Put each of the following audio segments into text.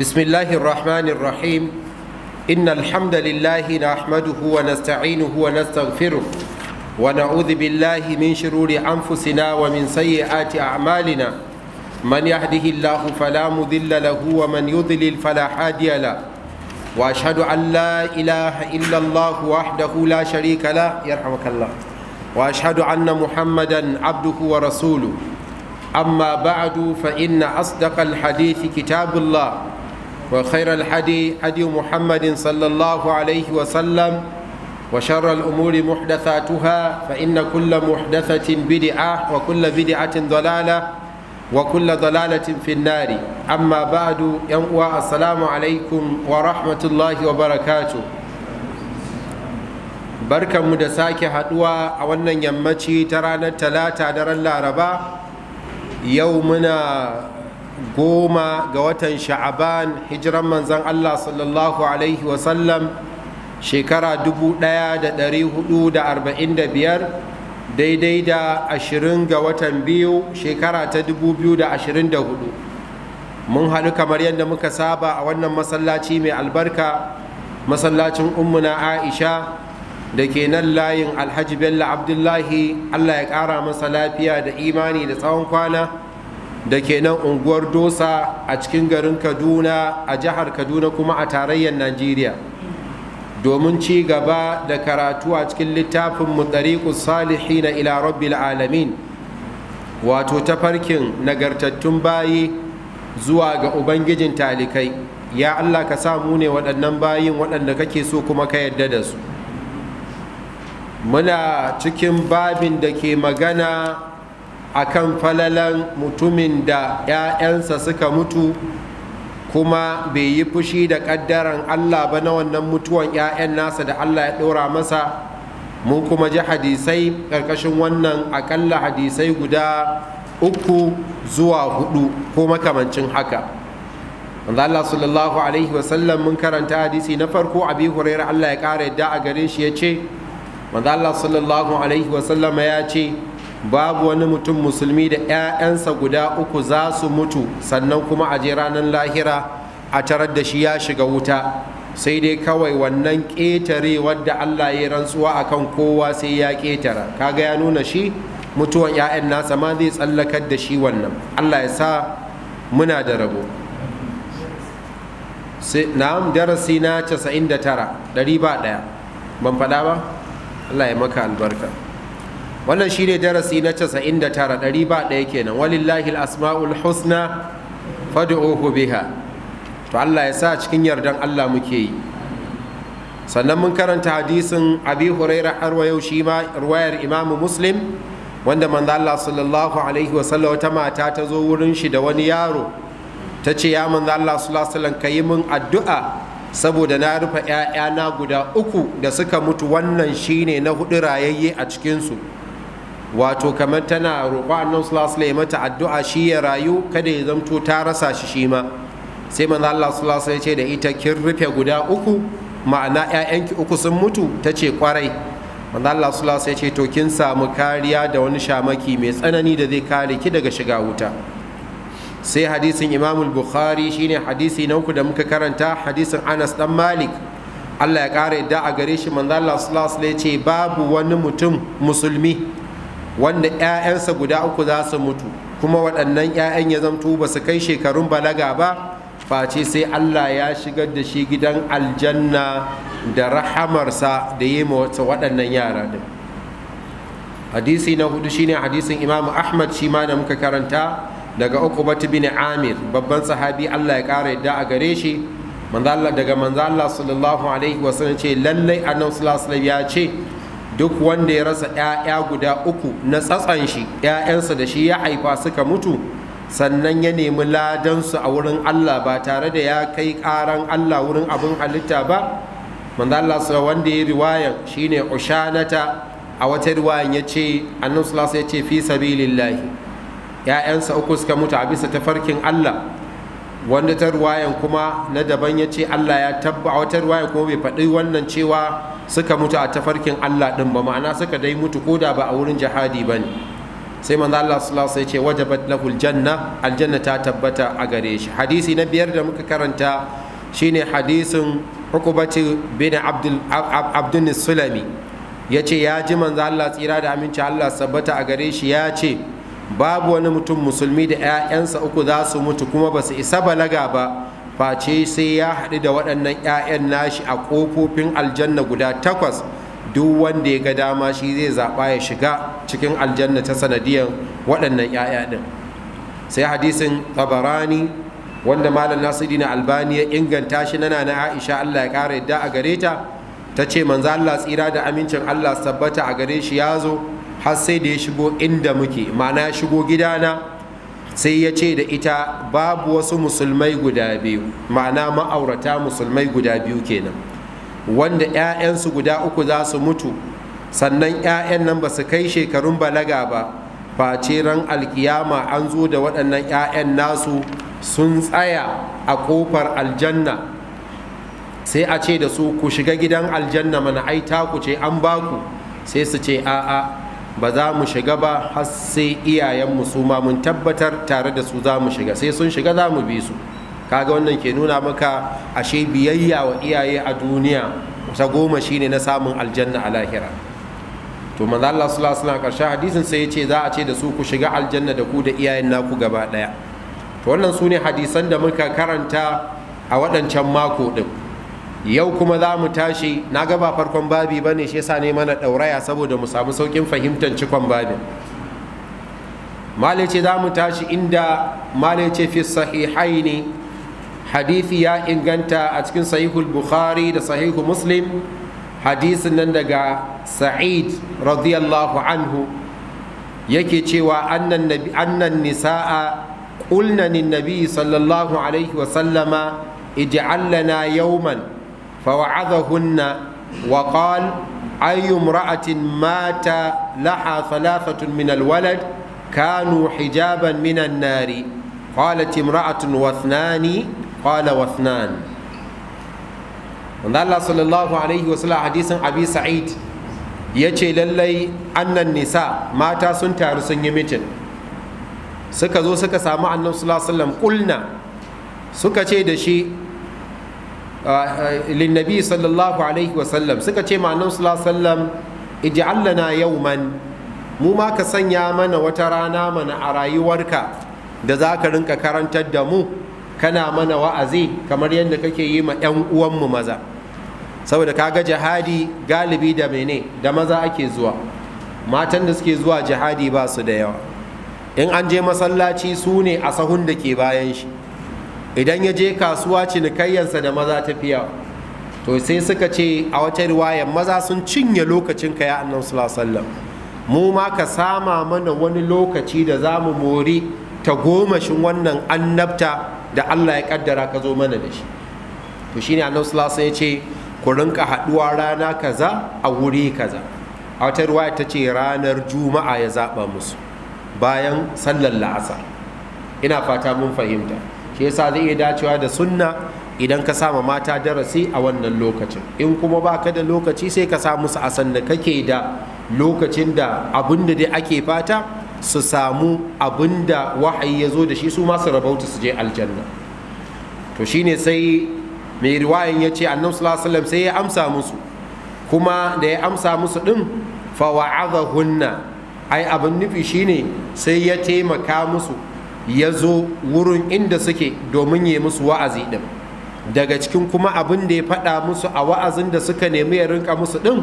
بسم الله الرحمن الرحيم إن الحمد لله نحمده ونستعينه ونستغفره ونعوذ بالله من شرور أنفسنا ومن سيئات أعمالنا من يهده الله فلا مضل له ومن يضلل فلا هادي له وأشهد أن لا إله إلا الله وحده لا شريك له يرحمك الله وأشهد أن محمدا عبده ورسوله أما بعد فإن أصدق الحديث كتاب الله وخير الحدي حدي محمد صلى الله عليه وسلم وشر الأمور محدثاتها فإن كل محدثة بدعة وكل بدعة ضلالة وكل ضلالة في النار أما بعد يوم السلام عليكم ورحمة الله وبركاته بركة مدساك هدوى أولا يمتي ترانا التلاتة درا العربة يومنا goma ga watan sha'aban hijiran manzan Allah sallallahu alaihi wasallam shekara 1445 daidai da 20 ga watan biyu shekara ta 2024 mun haɗu kamar yadda muka saba a wannan masallaci mai albarka masallacin ummuna aisha da ke nan layin alhaji bello abdullahi allah ya ƙara masa lafiya da imani da tsawon kwana da ke nan unguwar dosa a cikin garin kaduna a jihar kaduna kuma a tarayyar najeriya domin ci gaba da karatu a cikin littafin salihi na ila rabbil alamin wato tafarkin nagartattun bayi zuwa ga ubangijin talikai ya allah ka samu ne waɗannan bayin waɗanda kake so kuma ka yadda da su muna cikin babin da ke magana akan falalan mutumin da 'ya'yansa suka mutu kuma bai yi fushi da ƙaddaran Allah ba na wannan mutuwan 'ya'yan nasa da Allah ya ɗora masa mun kuma ji hadisai ƙarƙashin wannan aƙalla hadisai guda uku zuwa hudu ko makamancin haka wanda Allah sallallahu alaihi wasallam mun karanta hadisi na farko abi hurairar Allah ya ƙara yadda a gare shi ya ce wanda Allah sallallahu alaihi wasallam ya ce babu wani mutum musulmi da 'ya'yansa guda uku za su mutu sannan kuma a je ranar lahira a tarar da shi ya shiga wuta sai dai kawai wannan ƙetare wadda Allah ya rantsuwa a kan kowa sai ya ƙetara kaga ya nuna shi mutuwan 'ya'yan nasa ma zai tsallakar da shi wannan Allah ya sa muna da rabo na'am darasi na 99 ɗari ba ɗaya ban faɗa ba Allah ya maka albarka wannan shine darasi na 99 ɗari ba ɗaya kenan walillahi asma'ul husna fad'uhu biha to Allah ya sa cikin yardan Allah muke yi sannan mun karanta hadisin abi huraira har yau shi ma ruwayar imamu muslim wanda manzo Allah sallallahu alaihi wasallam wata mata ta zo wurin shi da wani yaro ta ce ya manzo Allah sallallahu alaihi sallam kayi min addu'a saboda na rufe 'ya'yana guda uku da suka mutu wannan shine na hudu rayayye a cikinsu wato kamar tana roƙo annabi sallallahu ya mata addu'a shi ya rayu kada ya zamto ta rasa shi shi ma sai manzo Allah sallallahu ce da ita kin rufe guda uku ma'ana ƴaƴanki uku sun mutu tace kwarai manzo Allah sallallahu ce to kin samu kariya da wani shamaki mai tsanani da zai kare ki daga shiga wuta sai hadisin Imam Bukhari shine hadisi na uku da muka karanta hadisin Anas dan Malik Allah ya kare da a gare shi manzo Allah sallallahu ce babu wani mutum musulmi wanda 'ya'yansa guda uku za su mutu kuma waɗannan 'ya'yan ya zamto ba su kai shekarun balaga ba face sai Allah ya shigar da shi gidan aljanna da rahamarsa da yi ma waɗannan yara din hadisi na hudu shine hadisin imamu ahmad shi ma da muka karanta daga uku batu bin amir babban sahabi Allah ya ƙara yadda a gare shi daga manzo Allah sallallahu alaihi wasallam ce lallai annabi sallallahu alaihi ya ce duk wanda ya rasa ‘ya'ya guda uku na tsatsan shi ‘ya'yansa da shi ya haifa suka mutu sannan ya nemi ladansu a wurin Allah ba tare da ya kai ƙaran Allah wurin abin halitta ba manzo Allah wanda ya riwayan shine ushanata a wata riwayan ya ce annabi sallallahu ya ce fi sabilillahi ya'yansa uku suka mutu a bisa tafarkin Allah wanda ta riwayan kuma na daban ya ce Allah ya tabba a wata riwayan kuma bai faɗi wannan cewa suka mutu a tafarkin Allah ɗin ba ma'ana suka dai mutu ko da ba a wurin jihadi ba ne sai manzo Allah sallallahu alaihi ce wajabat lahul janna aljanna ta tabbata a gare shi hadisi na biyar da muka karanta shine hadisin hukubati bin abdul abdul sulami yace ya ji manzo Allah tsira da aminci Allah sabbata a gare shi ya ce babu wani mutum musulmi da 'ya'yansa uku za su mutu kuma ba su isa balaga ba face sai ya haɗu da waɗannan 'ya'yan nashi a ƙofofin aljanna guda takwas duk wanda ya ga dama shi zai zaɓa ya shiga cikin aljanna ta sanadiyar waɗannan 'ya'ya ɗin sai hadisin tabarani wanda malam nasiru na albani ya inganta shi nana na aisha allah ya ƙara yadda a gare ta ta ce manzo allah tsira da amincin allah tabbata a gare shi ya zo har sai da ya shigo inda muke ma'ana ya shigo gidana sai ya ce da ita babu wasu musulmai guda biyu ma'ana ma'aurata musulmai guda biyu kenan wanda 'ya'yansu guda uku za su mutu sannan 'ya'yan nan ba su kai shekarun balaga ba face ran alkiyama an zo da waɗannan 'ya'yan nasu sun tsaya a ƙofar aljanna sai a ce da su ku shiga gidan aljanna mana ai ta ku ce an baku sai su ce a'a ba za mu shiga ba har sai iyayenmu su ma mun tabbatar tare da su za mu shiga sai sun shiga za mu bi su kaga wannan ke nuna maka ashe biyayya wa iyaye a duniya ta goma shine na samun aljanna a lahira to maza Allah sallallahu alaihi wasallam hadisin sai ya ce za a ce da su ku shiga aljanna da ku da iyayen naku gaba daya to wannan su hadisan da muka karanta a waɗancan mako din yau kuma za mu tashi na gaba farkon babi bane shi yasa ne mana ɗauraya saboda mu samu saukin fahimtar cikon babin malice za mu tashi inda malice fi sahihaini hadithi ya inganta a cikin sahihul bukhari da sahihu muslim hadisin nan daga sa'id radiyallahu anhu yake cewa annan nisa'a ƙulnanin nabi sallallahu alaihi wasallama وسلم اجعل لنا فوعظهن وقال أي امرأة مات لها ثلاثة من الولد كانوا حجابا من النار قالت امرأة واثنان قال واثنان wanda Allah sallallahu alaihi wasallam hadisin Abi Sa'id ya ce lallai annan nisa mata sun taru sun yi mitin suka zo suka samu annabi sallallahu alaihi kulna suka ce da shi linnabi sallallahu alaihi wasallam suka ce ma annabi sallallahu alaihi wasallam ij'al lana yawman mu ma ka sanya mana wata rana mana a rayuwarka da za ka rinka karantar da mu kana mana wa'azi kamar yadda kake yi ma 'yan uwanmu maza saboda kaga jihadi galibi da mene da maza ake zuwa matan da suke zuwa jihadi ba su da yawa in an je masallaci su ne a sahun da ke bayan shi idan ya je kasuwa cinikayyansa da maza tafiya to sai suka ce a wata riwaya maza sun cinye lokacin ka ya annabi mu ma ka sama mana wani lokaci da za mu mori ta gomashin wannan annabta da Allah ya kaddara ka zo mana da shi to shine annabi sallallahu ya ce ku rinka haduwa rana kaza a wuri kaza a wata riwaya ta ce ranar juma'a ya zaba musu bayan sallar la'asa. ina fata mun fahimta shi yasa zai iya dacewa da sunna idan ka sama mata darasi a wannan lokacin in kuma ba ka da lokaci sai ka sa musu a sanda kake da lokacin da abin da dai ake fata su samu abin da wahayi ya zo da shi su masu rabauta su je aljanna to shine sai mai riwayan ya ce annabi sallallahu sai ya amsa musu kuma da ya amsa musu din fa hunna ai abin nufi shine sai ya taimaka musu ya zo wurin inda suke domin yi musu wa'azi din daga cikin kuma abin da ya faɗa musu a wa'azin da suka nemi ya rinka musu din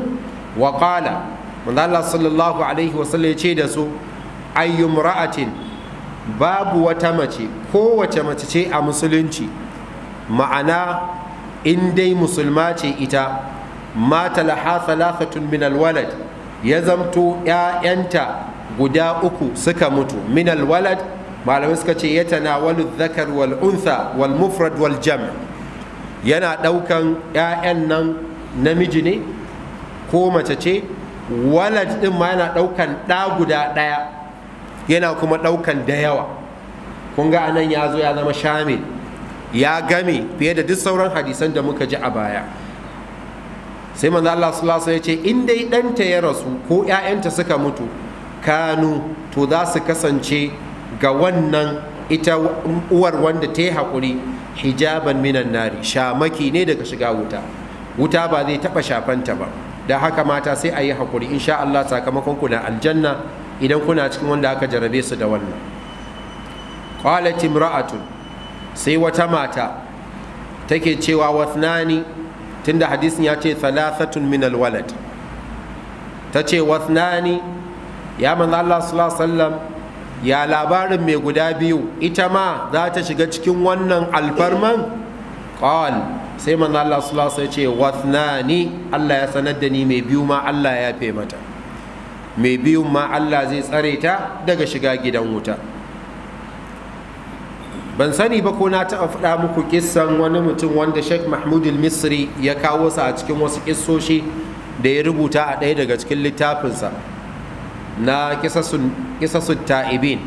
wa qala Allah sallallahu alaihi wasallam ya ce da su ayyum ra'atin babu wata mace kowace mace ce a musulunci ma'ana in dai musulma ce ita mata laha thalathatun min alwalad ya zamto 'ya'yanta guda uku suka mutu min alwalad malamai suka ce ya wani zakar wal unsa wal mufrad wal jam yana ɗaukan 'ya'yan nan namiji ne ko mace ce walad ɗin ma yana ɗaukan ɗa guda ɗaya yana kuma ɗaukan da yawa kun ga anan ya zo ya zama shamil ya game fiye da duk sauran hadisan da muka ji a baya sai manzo Allah sallallahu alaihi ya ce in dai ɗanta ya rasu ko 'ya'yanta suka mutu kanu to za su kasance ga wannan ita uwar wanda ta yi haƙuri hijaban minan nari shamaki ne daga shiga wuta wuta ba zai taɓa shafanta ba da haka mata sai a yi haƙuri insha Allah sakamakon kuna aljanna idan kuna cikin wanda aka jarabe su da wannan qalat imra'atun sai wata mata take cewa wathnani tunda hadisin ya ce thalathatun min alwalad ta ce ya manzo Allah sallallahu alaihi wasallam ya labarin mai guda biyu ita ma za ta shiga cikin wannan alfarman ƙawal sai manzo Allah sallallahu alaihi ya ce ni Allah ya sanar da ni mai biyu ma Allah ya fe mata mai biyun ma Allah zai tsare ta daga shiga gidan wuta ban sani ba ko na taɓa faɗa muku kissan wani mutum wanda Sheikh Mahmud al-Misri ya kawo sa a cikin wasu kissoshi da ya rubuta a ɗaya daga cikin littafinsa na kisasun ta'ibin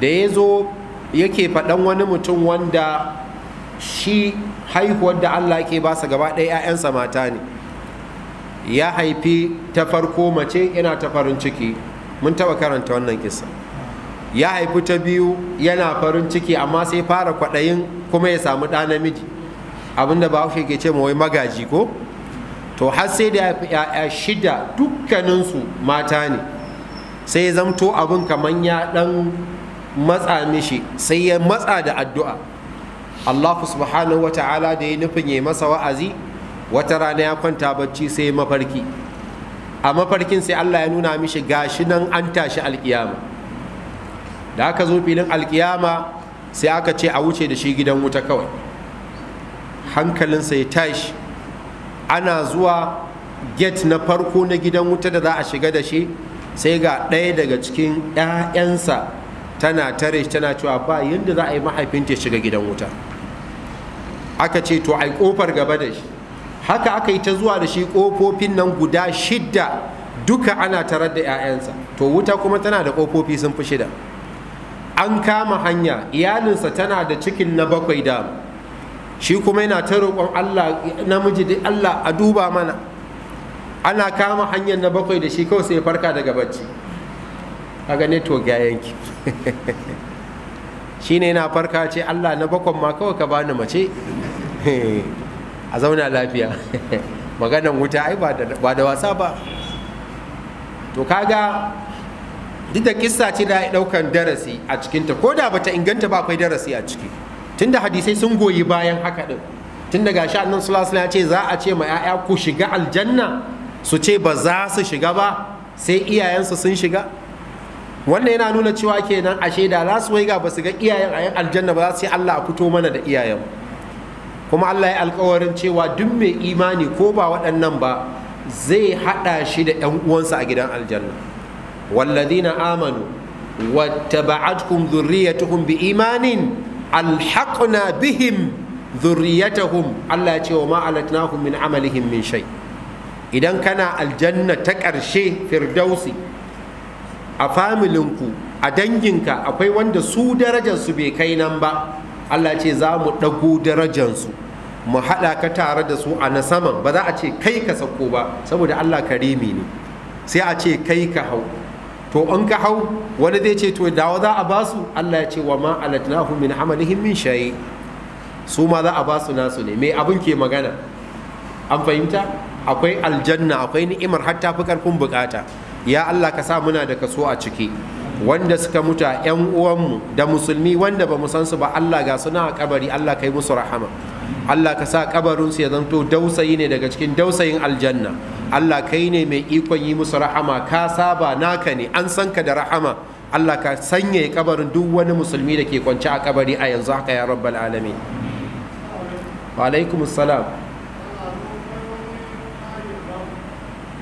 da ya zo yake faɗan wani mutum wanda shi haihuwar da Allah ke su gaba ɗaya 'ya'yansa mata ne ya haifi ta farko mace yana ta farin ciki mun taɓa karanta wannan kisa ya haifi ta biyu yana farin ciki amma sai fara kwaɗayin kuma ya samu ɗa namiji abinda ba ke ce ma wai magaji ko to har sai da ya'ya shida dukkaninsu mata ne sai ya zamto abin kamar ya dan matsa mishi sai ya matsa da addu'a Allah subhanahu wata'ala da ya nufin ya masa wa'azi wata rana ya kwanta bacci sai ya mafarki a mafarkin sai Allah ya nuna mishi gashi nan an tashi alkiyama da aka zo filin alkiyama sai aka ce a wuce da shi gidan wuta kawai hankalinsa ya tashi ana zuwa get na farko na gidan wuta da za a shiga da shi sai ga ɗaya daga cikin 'ya'yansa tana tare shi tana cewa ba yadda za a yi mahaifinta shiga gidan wuta aka ce to ai kofar gaba da shi haka aka yi ta zuwa da shi kofofin nan guda shidda duka ana tarar da 'ya'yansa to wuta kuma tana da kofofi sun fi shida an kama hanya iyalinsa tana da cikin na bakwai da shi kuma yana ta roƙon Allah namiji da Allah a duba mana ana kama hanyar na bakwai da shi kawai sai farka daga bacci a gane to ga yanki shi ne yana farka ce Allah na bakwan ma kawai ka bani mace a zauna lafiya maganan wuta ai ba da wasa ba to kaga duk da kissa ce da ya ɗaukan darasi a cikinta ko da bata inganta ba akwai darasi a ciki tunda hadisai sun goyi bayan haka din tun daga sha annan sallallahu ya ce za a ce ma 'ya'ya ku shiga aljanna su ce ba za su shiga ba sai iyayensu sun shiga wannan yana nuna cewa kenan ashe da za su waiga ba su ga iyayen ayan aljanna ba za su yi Allah a fito mana da iyayen kuma Allah ya alkawarin cewa duk mai imani ko ba waɗannan ba zai haɗa shi da 'yan uwansa a gidan aljanna wallazina amanu wattaba'atkum dhurriyyatuhum bi imanin alhaƙuna bihim dhurriyatahum Allah ya ce wa ma min amalihim min shai idan kana aljanna ta ƙarshe firdausi a familinku a danginka akwai wanda su darajarsu bai kai nan ba Allah ce za mu ɗago darajarsu mu haɗa ka tare da su a na saman ba za a ce kai ka sako ba saboda Allah karimi ne sai a ce kai ka hau to an ka hau wani zai ce to dawa za a basu Allah ya ce wa ma alatnahu min amalihim min shayi su ma za a basu nasu ne mai abin ke magana an fahimta akwai aljanna akwai ni'imar hatta fi karfin bukata ya Allah ka sa muna da kaso a ciki wanda suka mutu a 'yan uwanmu da musulmi wanda ba san su ba Allah ga suna a kabari Allah kai musu rahama Allah ka sa kabarinsu ya zanto dausayi ne daga cikin dausayin aljanna Allah kai ne mai ikon yi musu rahama ka saba naka ne an san ka da rahama Allah ka sanya kabarin duk wani musulmi da ke kwance a kabari a yanzu haka ya rabbal alamin wa salam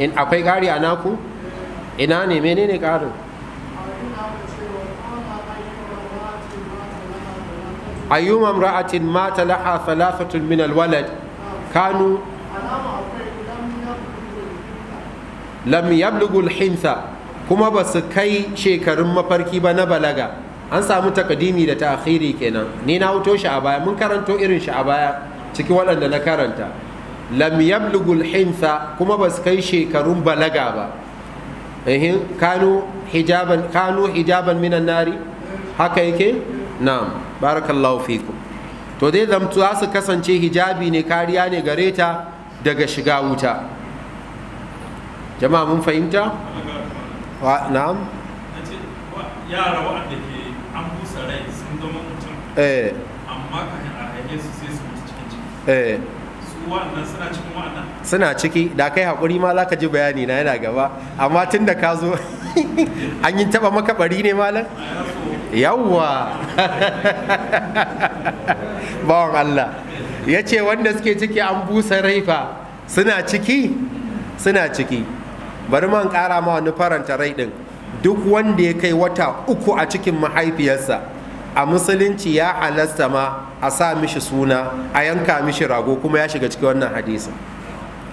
in akwai gari a naku ina ne menene karin ayyuma imra'atin mata laha thalathatun min alwalad kanu lam yablugu alhintha kuma ba su kai shekarun mafarki ba na balaga an samu takadimi da ta'khiri kenan ni na wuto shi a baya mun karanto irin shi a baya ciki waɗanda na karanta lam yablughu alhintha kuma ba su kai shekarun balaga ba kanu hijaban kanu hijaban minan nari haka yake na'am barakallahu fikum to dai zamtu za su kasance hijabi ne kariya ne gare ta daga shiga wuta jama'a mun fahimta wa na'am yara wa'anda ke an busa rai sun zama mutum eh amma kafin a haife su sai su mutu cikin ciki eh su waɗannan suna cikin waɗannan suna ciki da kai haƙuri ma za ka ji bayani na yana gaba amma tun da ka zo an yi taɓa maka ɓari ne malam yawwa bawan Allah ya ce wanda suke ciki an busa raifa suna ciki suna ciki bari man ƙara ma wani faranta rai ɗin duk wanda ya kai wata uku a cikin mahaifiyarsa a musulunci ya halasta ma a sa mishi suna a yanka mishi rago kuma ya shiga cikin wannan hadisin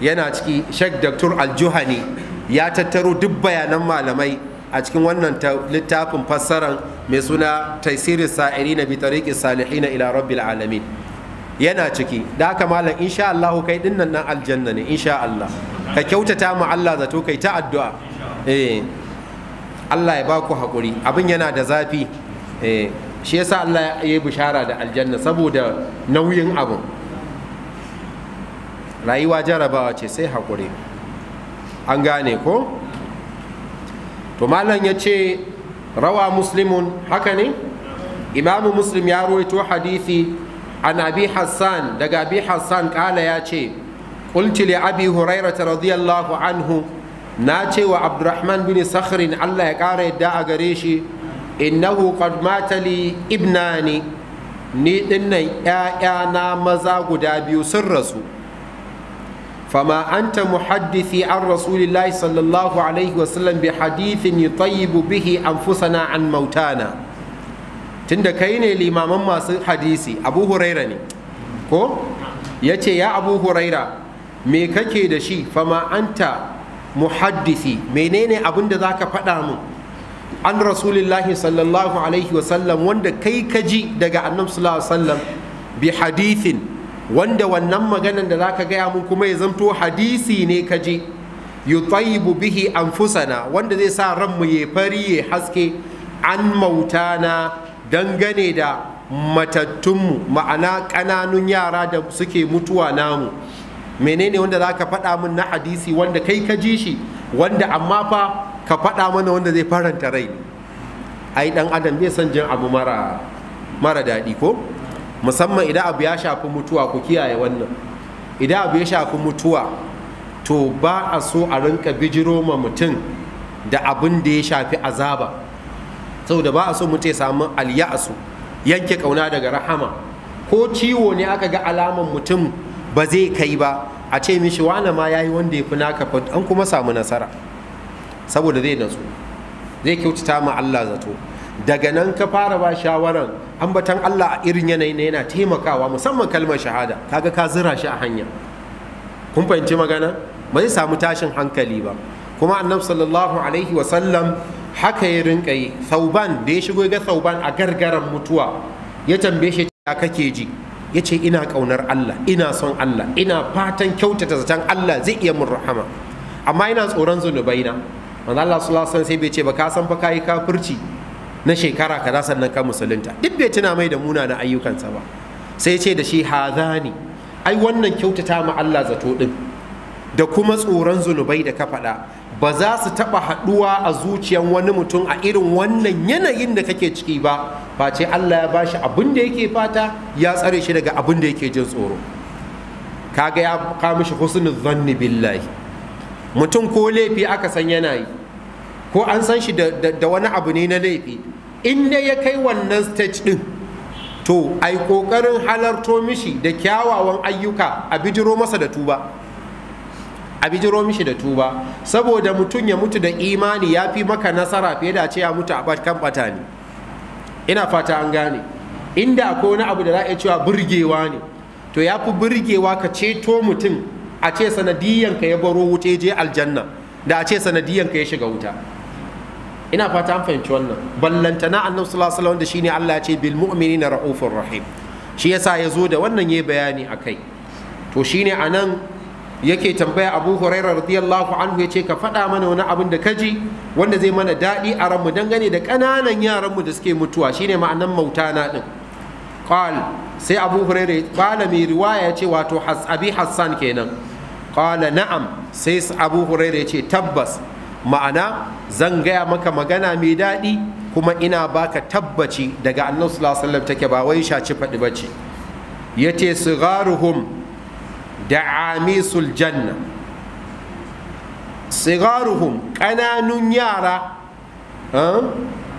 yana ciki sheikh dr aljuhani ya tattaro duk bayanan malamai a cikin wannan littafin fassaran mai suna taisirin sa'iri na bitariki salihi ila rabbil alamin yana ciki da aka malam insha Allah kai ɗinnan nan aljanna ne insha Allah ka kyautata mu Allah zato kai ta addu'a eh. Allah ya ba ku hakuri abin yana da zafi eh. shi yasa Allah ya yi bishara da aljanna saboda nauyin abin rayuwa jarabawa ce sai hakuri an gane ko to malam ya ce rawa muslimun haka ne imamu muslim ya ruwaito hadithi an abi hassan daga abi hassan kala ya ce qulti li abi radiyallahu anhu na ce wa abdurrahman bin sakhrin allah ya kara yadda a gare shi innahu qad mata ibnani ni dinnan 'ya'yana maza guda biyu sun rasu fama أنت muhaddisi an رسول sallallahu alaihi الله bi hadithin بحديث bihi به an عن tunda kai ne limaman masu hadisi abu huraira ne ko ya ce ya abu me kake da shi fama anta muhaddisi menene abin da zaka faɗa min? an rasulillahi sallallahu alaihi wasallam wanda kai ka ji daga annabi sallallahu alaihi wasallam bi hadithin wanda wannan maganan da zaka gaya mun kuma ya zamto hadisi ne kaje, ji bihi bihi anfusana wanda zai sa ranmu ya fari ya haske an mautana dangane da matattunmu ma'ana ƙananun yara da suke mutuwa namu menene wanda zaka faɗa mun na hadisi wanda kai ka ji shi wanda amma fa ka faɗa mana wanda zai faranta rai ai dan adam bai son jin abu mara mara daɗi ko musamman idan abu ya shafi mutuwa ku kiyaye wannan idan abu ya shafi mutuwa to ba a so a rinka bijiro ma mutum da abin da ya shafi azaba saboda ba a so mutum ya samu alya'asu yanke kauna daga rahama ko ciwo ne aka ga alaman mutum ba zai kai ba a ce mishi wane ma yi wanda ya fi naka an kuma samu nasara saboda zai natsu zai kyautata ma Allah zato daga nan ka fara ba shawaran ambatan Allah a irin yanayi na yana taimakawa musamman kalmar shahada kaga ka zira shi a hanya kun fahimci magana ba zai samu tashin hankali ba kuma annabi sallallahu alaihi wa sallam haka ya rinka yi sauban da ya shigo ga sauban a gargaran mutuwa ya tambaye shi ta kake ji ya ce ina kaunar Allah ina son Allah ina fatan kyautata zaton Allah zai iya mun rahama amma ina tsoron zunubaina manzo Allah sallallahu alaihi sai bai ce ba ka san fa kai kafirci na shekara kaza sannan ka musulunta duk bai tuna mai da muna na ayyukansa ba sai ce da shi hazani ai wannan kyautata ma Allah zato din da kuma tsoron zunubai da ka faɗa ba za su taɓa haɗuwa a zuciyan wani mutum a irin wannan yanayin da kake ciki ba Ba ce Allah ya bashi abin da yake fata ya tsare shi daga abin da yake jin tsoro kaga ya ka mishi husnul zanni billahi mutum ko laifi aka san yana yi ko an san shi da wani abu ne na laifi in da ya kai wannan stage din to a yi kokarin halarto mishi da kyawawan ayyuka a bijiro masa da tuba a bijiro mishi da tuba saboda mutum ya mutu da imani ya fi maka nasara fiye da ce ya mutu a kan bata ne ina fata an gane inda akwai wani abu da za a iya cewa burgewa ne to ya fi burgewa ka ceto mutum a ce sanadiyanka ya baro wuce je aljanna da a ce sanadiyanka ya shiga wuta ina fata an fahimci wannan ballantana annabi sallallahu alaihi wasallam da shine Allah ya ce bil mu'minina raufur rahim shi yasa yazo da wannan yayi bayani akai to shine anan yake tambaya Abu Hurairah radiyallahu anhu yace ka faɗa mana wani abin da kaji wanda zai mana daɗi a ranmu dangane da ƙananan yaranmu da suke mutuwa shine ma'anan mautana din qal sai Abu Hurairah qala mi riwaya yace wato Abi Hassan kenan qala na'am sai Abu Hurairah yace tabbas ma'ana zan gaya maka magana mai daɗi kuma ina baka tabbaci daga annabi sallallahu alaihi wasallam take ba wai shaci faɗi bace yace sigaruhum da amisul janna sigaruhum ƙananun yara eh,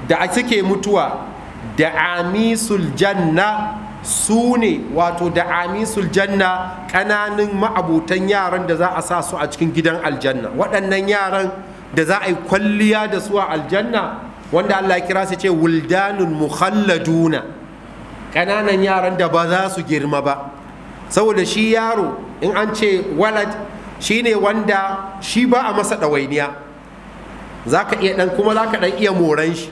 da suke mutuwa da amisul janna su ne wato da amisul janna ƙananun ma'abutan yaran da za a sa su a cikin gidan aljanna waɗannan yaran da za a yi kwalliya da su a aljanna wanda Allah ya kira su ce wuldanun mukhalladuna ƙananan yaran da ba za su girma ba saboda shi yaro in an ce walad shine wanda shi ba a masa ɗawainiya za ka iya ɗan kuma za ka ɗan iya moran shi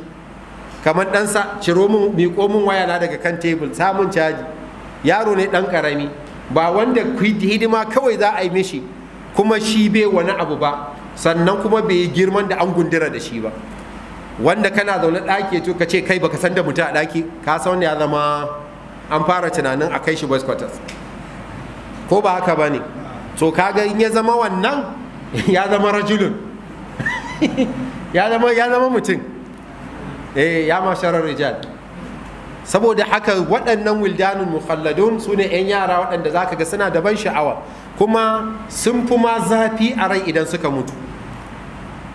kamar ɗansa ciro min miƙo min waya daga kan tebul samun caji yaro ne ɗan ƙarami ba wanda hidima kawai za a yi mishi kuma shi bai wani abu ba sannan kuma bai yi girman da an gundura da shi ba wanda kana zaune ɗaki to ka ce kai baka san da mutum a ɗaki ka san ya zama an fara tunanin a kai shi boys quarters ko ba haka ba ne to kaga in ya zama wannan ya zama rajulun ya zama ya zama mutum eh ya sharar rijal saboda haka waɗannan wildanun mukhalladun su ne 'yan yara waɗanda zaka ga suna da ban sha'awa kuma sun fi ma zafi a rai idan suka mutu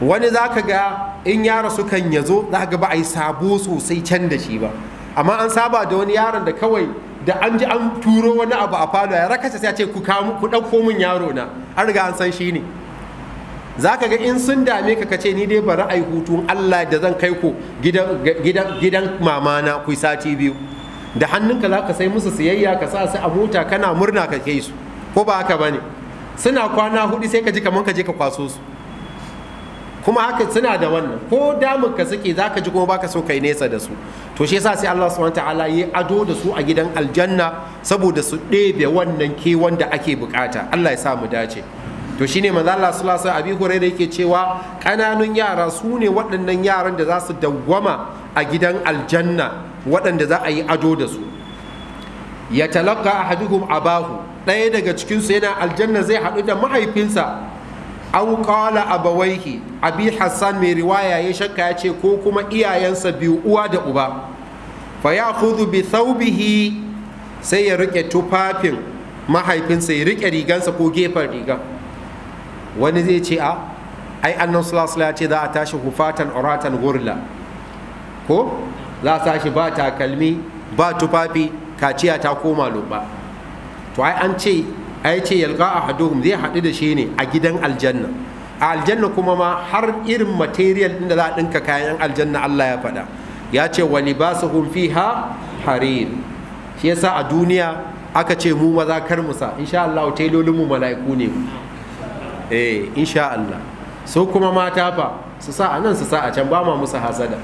wani za ka ga in yara sukan ya zo za ga ba a yi sabo sosai can da shi ba amma an saba da wani yaron da kawai da an ji an turo wani abu a falo ya rakasa sai ce ku ɗauko min yaro na an riga an san shi ne za ka ga in sun dame ka kace ni dai bari ai hutun Allah da zan kai ku gidan mamana ku sati biyu da hannunka za ka sai musu siyayya ka sa su a mota kana murna ka kai su ko ba haka bane suna kwana hudu sai ka ji kamar ka je ka kwaso su kuma haka suna da wannan ko damun ka suke za ka ji kuma baka so kai nesa da su to shi yasa sai Allah subhanahu ta'ala ya ado da su a gidan aljanna saboda su ɗebe wannan kewan da ake bukata Allah ya sa mu dace to shine manzo Allah sallallahu alaihi abi hurairah yake cewa kananun yara su ne waɗannan yaran da za su dawwama a gidan aljanna waɗanda za a yi ado da su ya talaka ahaduhum abahu ɗaya daga cikinsu yana aljanna zai haɗu da mahaifinsa an a abawaihi abi hassan mai riwaya ya shakka ya ce ko kuma iyayensa biyu uwa da uba fa ya khudhu bi thawbihi sai ya rike tufafin mahaifinsa ya rike rigansa ko gefen riga wani zai ce a ai annan sallallahu ya ce za a tashi hufatan oratan gurla ko za a tashi ba takalmi ba tufafi kaciya ta koma lumba to ai an ce ai ce yalqa ahaduhum zai haɗu da shi ne a gidan aljanna a aljanna kuma ma har irin material ɗin da za a ɗinka kayan aljanna Allah ya faɗa ya ce wa libasuhum fiha harir shi yasa a duniya aka ce mu maza kar musa insha Allah tailolin mu mala'iku ne eh insha Allah so kuma mata fa su sa anan su sa a can ba ma musu hasada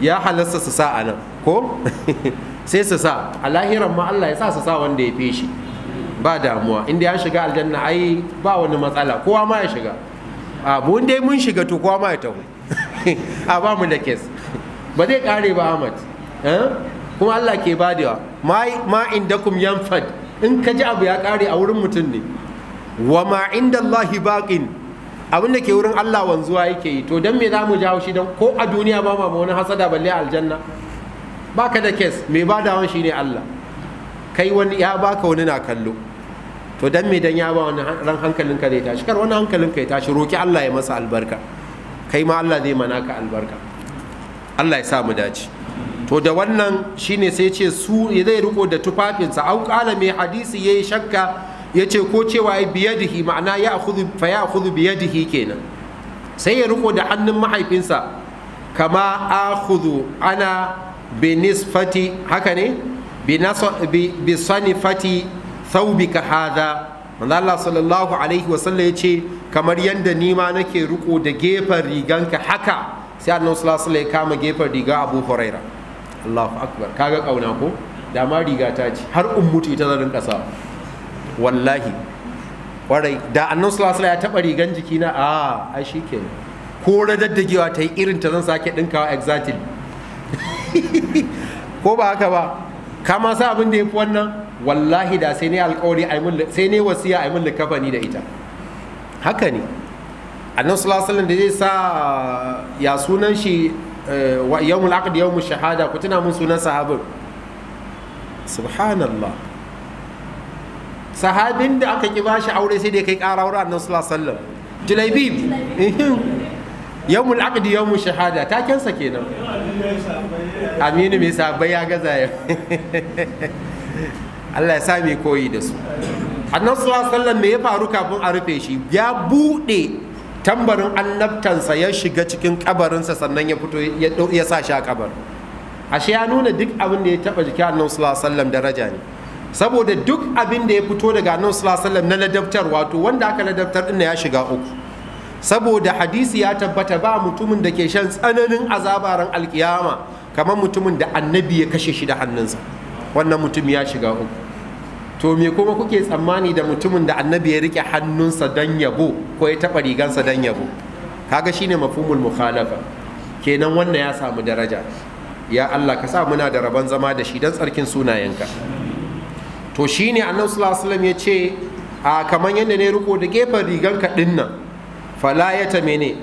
ya halasta su sa anan ko sai su sa a lahiran ma Allah ya sa su sa wanda ya fi shi ba damuwa inda ya shiga aljanna ai ba wani matsala kowa ma ya shiga abu dai mun shiga to kowa ma ya taho a ba mu da kes ba zai kare ba Ahmad eh? kuma Allah ke badewa ma kum yanfad in ka ji abu ya kare a wurin mutum ne wa ma inda Allahi baqin abinda ke wurin Allah wanzuwa yake yi to dan me za mu jawo shi dan ko a duniya ba ma wani hasada balle aljanna baka da kes mai shi shine Allah kai wani ya baka wani na kallo to dan me dan ya ba wani ran ka zai tashi kar wani hankalin ka ya tashi roki Allah ya masa albarka kai ma Allah zai mana ka albarka Allah ya sa mu dace to da wannan shine sai ce su zai riko da tufafinsa au kala mai hadisi yayi shakka yace ko cewa ai biyadihi ma'ana ya akhudhu fa ya akhudhu biyadihi kenan sai ya riko da hannun mahaifinsa kama akhudhu ana binisfati haka ne bisanifati thawbika hadha manzo Allah sallallahu alaihi wasallam yace kamar yanda nima nake riko da gefen riganka haka sai annabi sallallahu alaihi ya kama gefen riga Abu Huraira Allahu akbar kaga kauna ko da ma riga ta ci har mutu ita zarin kasa wallahi warai da annabi sallallahu alaihi ya taba rigan jiki na a ai ke ko radaddagewa ta yi irin ta zan sake dinkawa exactly ko ba haka ba ka ma sa abin da ya fi wannan wallahi da sai ne alkawari sai ne wasiya a yi min likafani da ita haka ne annan sulasalin da zai sa ya sunan shi eh, yawmul aqd yawmul shahada ku tuna mun sunan sahabin subhanallah sahabin da aka ki bashi aure sai da ya kai ƙara wurin annan sulasalin julaibib yawmul aqd yawmul shahada takensa kenan aminu mai sabai ya gaza ya Allah ya sa koyi da su annan suwa sallan me ya faru kafin a rufe shi ya buɗe tambarin annabtansa ya shiga cikin kabarinsa sannan ya fito ya sa shi a kabar ashe ya nuna duk abin da ya taɓa jiki annan suwa sallan daraja ne saboda duk abin da ya fito daga annan suwa sallan na ladabtar wato wanda aka ladabtar ɗin ya shiga uku saboda hadisi ya tabbata ba mutumin da ke shan tsananin azabaran alkiyama kamar mutumin da annabi ya kashe shi da hannunsa wannan mutum ya shiga uku to me kuma kuke tsammani da mutumin da annabi ya rike hannunsa don yabo ko ya taɓa rigansa don yabo kaga shine mafhumul mukhalafa kenan wannan ya samu daraja ya Allah ka sa muna da rabon zama da shi don tsarkin sunayenka to shine annabi sallallahu alaihi wasallam ya ce a kamar yadda ne riko da gefen riganka dinnan falayata mene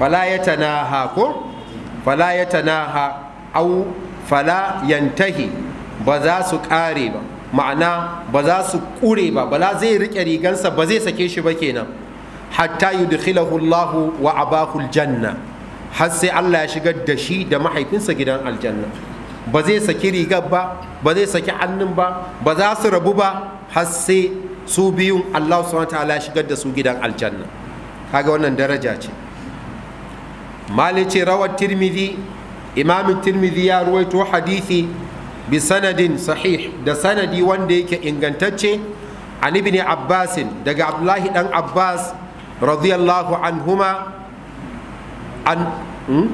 falayata na ha ko falayata na ha au fala ba za su ƙare ba ma'ana ba za su ƙure ba bala zai riƙe rigansa ba zai sake shi ba kenan hatta yudkhilahu Allahu wa abahul janna, har sai Allah ya shigar da shi da mahaifinsa gidan aljanna ba zai saki rigar ba ba zai saki hannun ba ba za su rabu ba har sai su biyun Allah subhanahu wa ta'ala ya shigar da su gidan aljanna kaga wannan daraja ce mali ce rawar tirmidhi imamin tirmidhi ya ruwaito hadithi bi sanadin sahih da sanadi wanda yake ingantacce an ibn abbasin daga abdullahi dan abbas radiyallahu anhuma an hmm?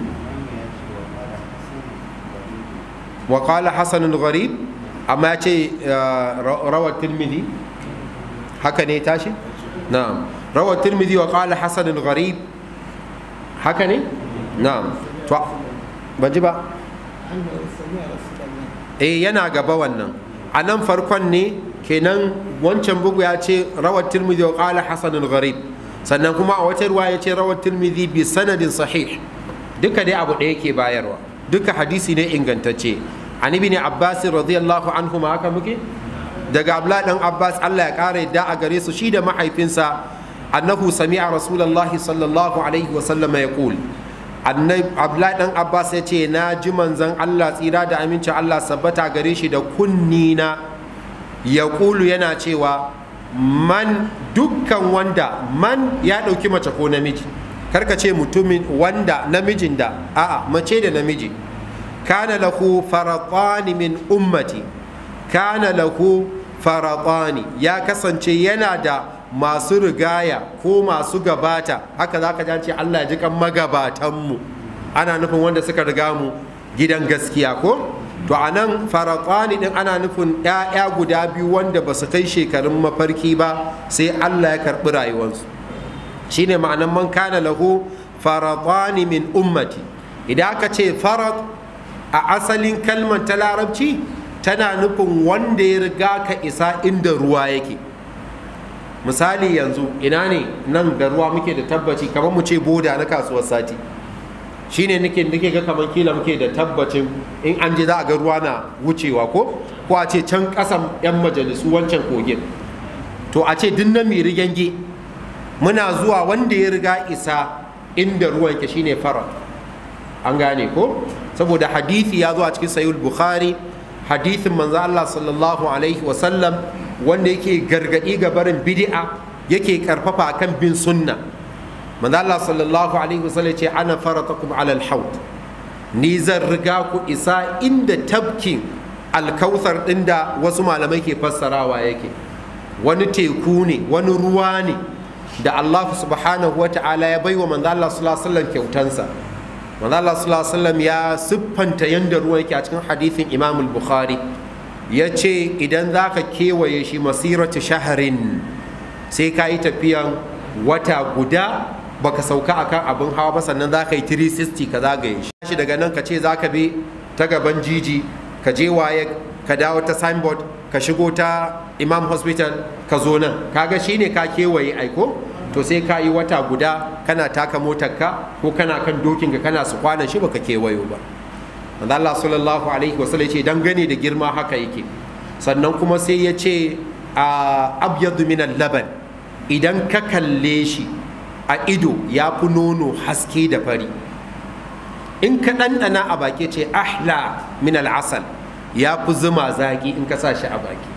wa qala hasanun gharib amma ya ce eh, rawar tirmidhi haka ne tashi na'am rawa tirmidhi wa qala hasan haka ne na'am to ban ji ba eh yana gaba wannan a nan farkon ne kenan wancan bugu ya ce rawar tirmidhi wa qala hasan sannan kuma a wata ruwa ya ce rawar tirmidhi bi sanadin sahih duka dai abu ɗaya ke bayarwa duka hadisi ne ingantacce an ibn abbas radiyallahu anhu ma haka muke daga abla dan abbas Allah ya kare da a gare su shi da mahaifinsa annahu sami'a rasulullahi sallallahu alaihi wa sallama yaqul Abdullahi dan Abbas ya ce na ji manzon Allah tsira da aminci Allah sabbata gare shi da kunni na ya kulu yana cewa man dukkan wanda man ya ɗauki mace ko namiji karka ce mutumin wanda namijin da a'a mace da namiji kana lahu faratani min ummati kana lahu faratani ya kasance yana da masu rigaya ko masu gabata haka za ka ce Allah ya ji kan magabatanmu ana nufin wanda suka riga mu gidan gaskiya ko to anan nan faraƙwani ɗin ana nufin ‘ya'ya guda biyu wanda ba su kai shekarun mafarki ba sai Allah ya karɓi rayuwarsu shine ma'anan man kana lahu faraƙwani min ummati idan aka ce farat a asalin kalmar ta larabci tana nufin wanda ya riga ka isa inda ruwa yake misali yanzu ina ne nan da ruwa muke da tabbaci kamar mu ce boda na kasuwar sati shine nake nake ga kamar kila muke da tabbacin in an je za a ga ruwa na wucewa ko ko a ce can kasan yan majalisu wancan kogin to a ce duk nan mai muna zuwa wanda ya riga isa inda ruwan ke shine fara an gane ko saboda hadithi ya zo a cikin sahih bukhari hadithin manzo Allah sallallahu alaihi wa sallam wanda yake gargadi ga barin bid'a yake karfafa kan bin sunna manzo Allah sallallahu alaihi wasallam ce ana faratakum ala al ni zan riga ku isa inda tabkin alkautsar ɗin da wasu malamai ke fassarawa yake wani teku ne wani ruwa ne da Allah subhanahu wa ta'ala ya baiwa manzo Allah sallallahu alaihi kyautansa manzo Allah sallallahu alaihi ya siffanta yanda ruwa yake a cikin hadisin Imam al-Bukhari ya ce idan za ka kewaye shi masirata shaharin sai ka yi tafiyan wata guda baka sauka akan abin hawa ba sannan za ka yi 360 ka zagaye shi shi daga nan ka ce za ka bi ta gaban jiji ka je waye ka dawo ta signboard ka shigo ta imam hospital ka zo nan kaga shine ka kewaye aiko to sai ka yi wata guda kana taka motarka ko kana kan dokin ka kana su kwanan shi ba ka kewayo ba manzo Allah sallallahu alaihi wasallam yace dangane da girma haka yake sannan kuma sai ya ce a abyadu min laban idan ka kalle shi a ido ya fi nono haske da fari in ka ɗanɗana a baki ce ahla min al'asal ya fi zuma zaki in ka sa shi a baki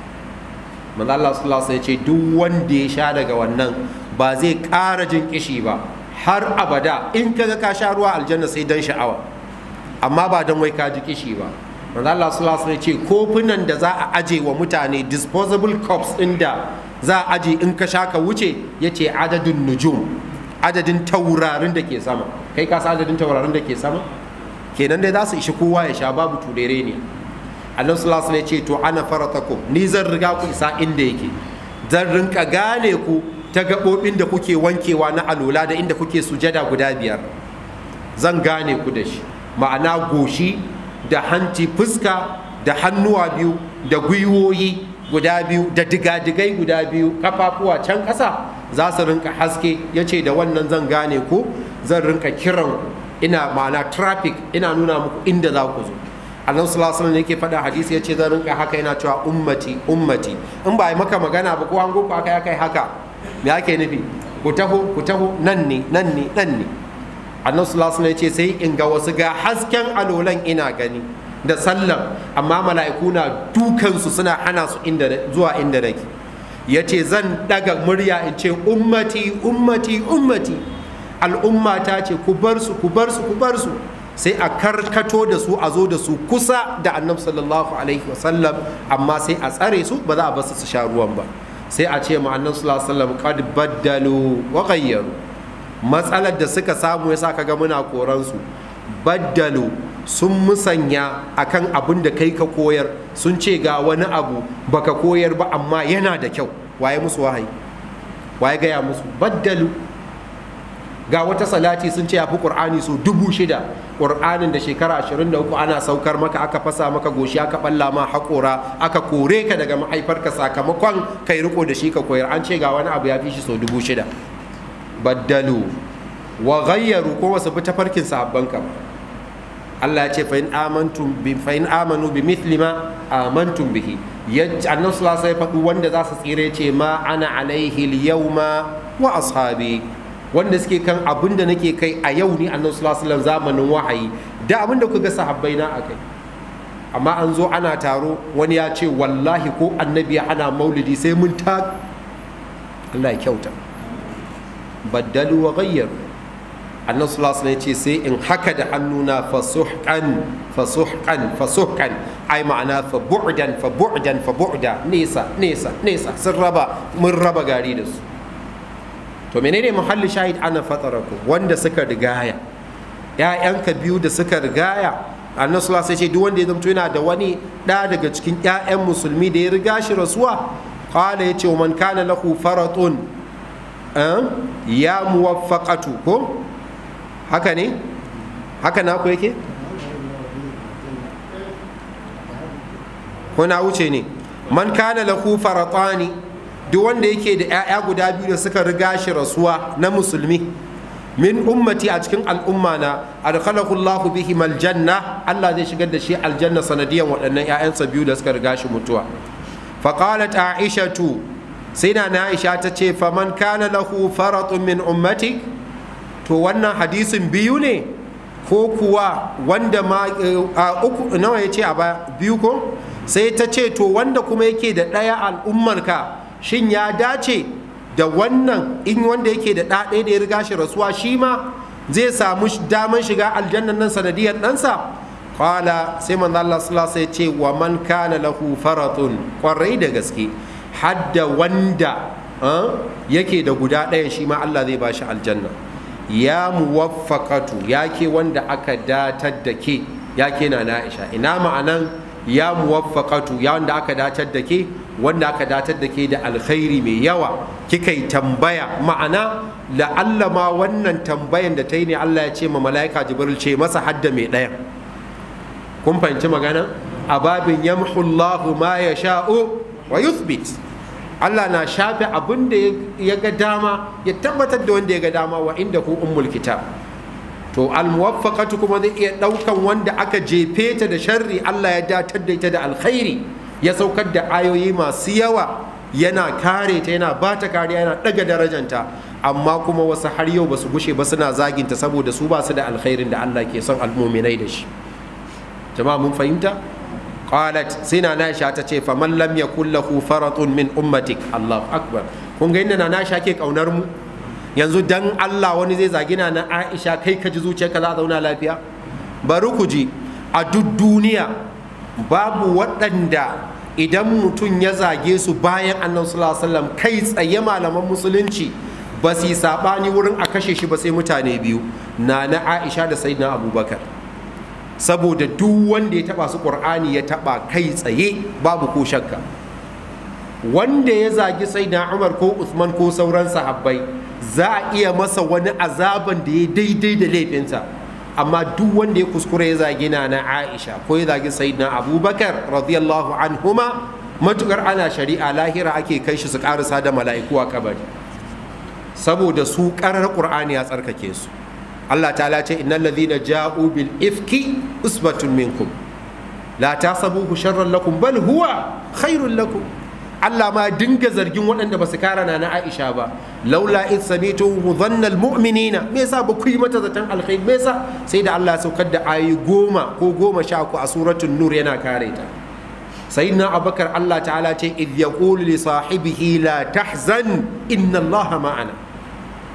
manzo Allah sallallahu alaihi ya ce duk wanda ya sha daga wannan ba zai ƙara jin kishi ba har abada in kaga ka sha ruwa aljanna sai dan sha'awa amma ba don wai ka ji kishi ba manzo Allah sallallahu alaihi ce kofunan da za a aje wa mutane disposable cups inda za a aje in ka sha ka wuce yace adadin nujum adadin taurarin da ke sama kai ka san adadin taurarin da ke sama kenan dai za su ishi kowa ya sha babu turere ne Allah sallallahu alaihi ce to ana faratakum ni zan riga ku isa inda yake zan rinka gane ku ta gaɓoɓin da kuke wankewa na alola da inda kuke sujada guda biyar zan gane ku da shi ma'ana goshi da hanci fuska da hannuwa biyu da gwiwoyi guda biyu da digadigai guda biyu kafafuwa can ƙasa za su rinka haske ya ce da wannan zan gane ku zan rinka kiran ina ma'ana traffic ina nuna muku inda za ku zo annan sulasun ne ke faɗa hadisi ya ce zan rinka haka yana cewa ummati ummati in ba yi maka magana ba ko an ku aka yi haka me ake nufi ku taho ku taho nan ne nan ne nan ne annabi sallallahu alaihi ce sai in ga wasu ga hasken alolan ina gani da sallan amma mala'iku na dukansu suna hana su inda zuwa inda nake Yace zan daga murya in ce ummati ummati ummati al'umma ta ce ku bar su ku bar su ku bar su sai a karkato da su a zo da su kusa da annabi sallallahu alaihi wasallam amma sai a tsare su ba za a basu su sha ruwan ba sai a ce ma annabi sallallahu alaihi wasallam qad baddalu wa ghayyaru matsalar da suka samu ya sa ga muna koransu baddalu sun musanya akan abin da kai ka koyar sun ce ga wani abu baka koyar ba amma yana da kyau waye musu wahayi waye gaya musu baddalo ga wata salati sun ce yafi ƙur'ani su dubu shida ƙur'anin da shekara 23 ana saukar maka aka fasa maka goshi aka balla ma haƙora aka kore ka daga mahaifarka sakamakon kai riko da shi ka koyar an ce ga wani abu ya fi shi so dubu shida baddalu wa ghayyaru kuma farkin bi tafarkin sahabbanka Allah ya ce fa in amantu bi fa in amanu bi mithli ma amantu bihi annabi sallallahu alaihi wasallam wanda za su tsire ce ma ana alaihi al-yawma wa ashabi wanda suke kan abin da nake kai a yau ni annabi sallallahu alaihi zamanin wahayi da abin da ga sahabbai na akai amma an zo ana taro wani ya ce wallahi ko annabi ana maulidi sai mun ta Allah ya kyauta baddalu wa ghayyaru annan sallallahu ce sai in haka da hannuna fasuhkan fasuhkan fasuhkan. ai ma'ana fa bu'dan fa bu'dan fa bu'da nesa nesa nesa sun raba mun raba gari da su to menene muhalli shahid ana fataraku wanda suka rigaya Ya'yanka biyu da suka rigaya annan ya alaihi ce duk wanda ya zamto yana da wani ɗa daga cikin ƴaƴan musulmi da ya riga shi rasuwa qala yace man kana lahu faratun ya muwaffaqatu ko haka ne haka na ku yake ko wuce ne man kana lahu faratani duk wanda yake da 'ya'ya guda biyu da suka riga shi rasuwa na musulmi min ummati a cikin al'umma na adkhalahu Allah bihi aljanna Allah zai shigar da shi aljanna sanadiyan waɗannan 'ya'yansa biyu da suka riga shi mutuwa faqalat aishatu sai na Aisha ta ce faman kana lahu faratun min ummati to wannan hadisin biyu ne ko kuwa wanda ma eh, a uku nawa yace a biyu ko sai ta ce to wanda kuma yake da ɗaya al'ummarka shin ya dace da wannan in wanda yake da ɗaya da ya riga shi rasuwa shi ma zai samu daman shiga aljannan nan sanadiyar ɗansa kwala sai manzo Allah sallallahu alaihi ce wa man kana lahu faratun kwarai da gaske hadda wanda yake da guda ɗaya shi ma Allah zai bashi aljanna ya muwaffaqatu ya ke wanda aka datar da ke ya ke na na'isha ina ma'anan ya muwaffaqatu ya wanda aka datar da ke wanda aka datar da ke da alkhairi mai yawa kika yi tambaya ma'ana la'alla ma wannan tambayan da ta yi ne Allah ya ce ma mala'ika jibril ce masa hadda mai ɗaya kun fahimci magana a babin yamhullahu ma yasha'u wa yuthbit Allah na shafe abin da ya ga dama ya tabbatar da wanda ya ga dama wa inda ku ummul kitab to almuwaffaqatu kuma zai iya ɗaukan wanda aka jefe ta da sharri Allah ya datar da ita da alkhairi ya saukar da ayoyi masu yawa yana kare ta yana ba ta kariya yana daga darajanta amma kuma wasu har yau basu gushe ba suna zaginta saboda su ba su da alkhairin da Allah ke son al'ummai da shi jama'a mun fahimta qalat sai na Aisha ta ce fa man lam yakul lahu faratun min ummatik Allahu akbar kun ga inda na Aisha ke kaunar mu yanzu dan Allah wani zai zagi na na Aisha kai ka ji zuciyarka za zauna lafiya bari ku ji a duk duniya babu waɗanda idan mutum ya zage su bayan annan kai tsaye malaman musulunci ba su yi saɓani wurin a kashe shi ba sai mutane biyu na na aisha da sayyidina abubakar saboda duk wanda ya taba su qur'ani ya taba kai tsaye babu ko shakka wanda ya zagi sai na umar ko usman ko sauran sahabbai za a iya masa wani azaban da ya daidai da laifinsa amma duk wanda ya kuskura ya zagi na na aisha ko ya zagi sai na abubakar radiyallahu anhuma matukar ana shari'a lahira ake kai shi su ƙara da mala'iku a kabari saboda su ƙarar qur'ani ya tsarkake su Allah ta'ala ce innal ladhina ja'u bil ifki usbatun minkum la tasabuhu sharran lakum bal huwa khairul lakum Allah ma dinga zargin waɗanda ba su kara na Aisha ba laula id samitu dhannal mu'minina me yasa ba ku yi mata zaton alkhair me yasa sai da Allah saukar da ayi goma ko goma sha ku a suratul nur yana kare ta sayyidina Abubakar Allah ta'ala ce id yaqulu li sahibihi la tahzan inna Allah ma'ana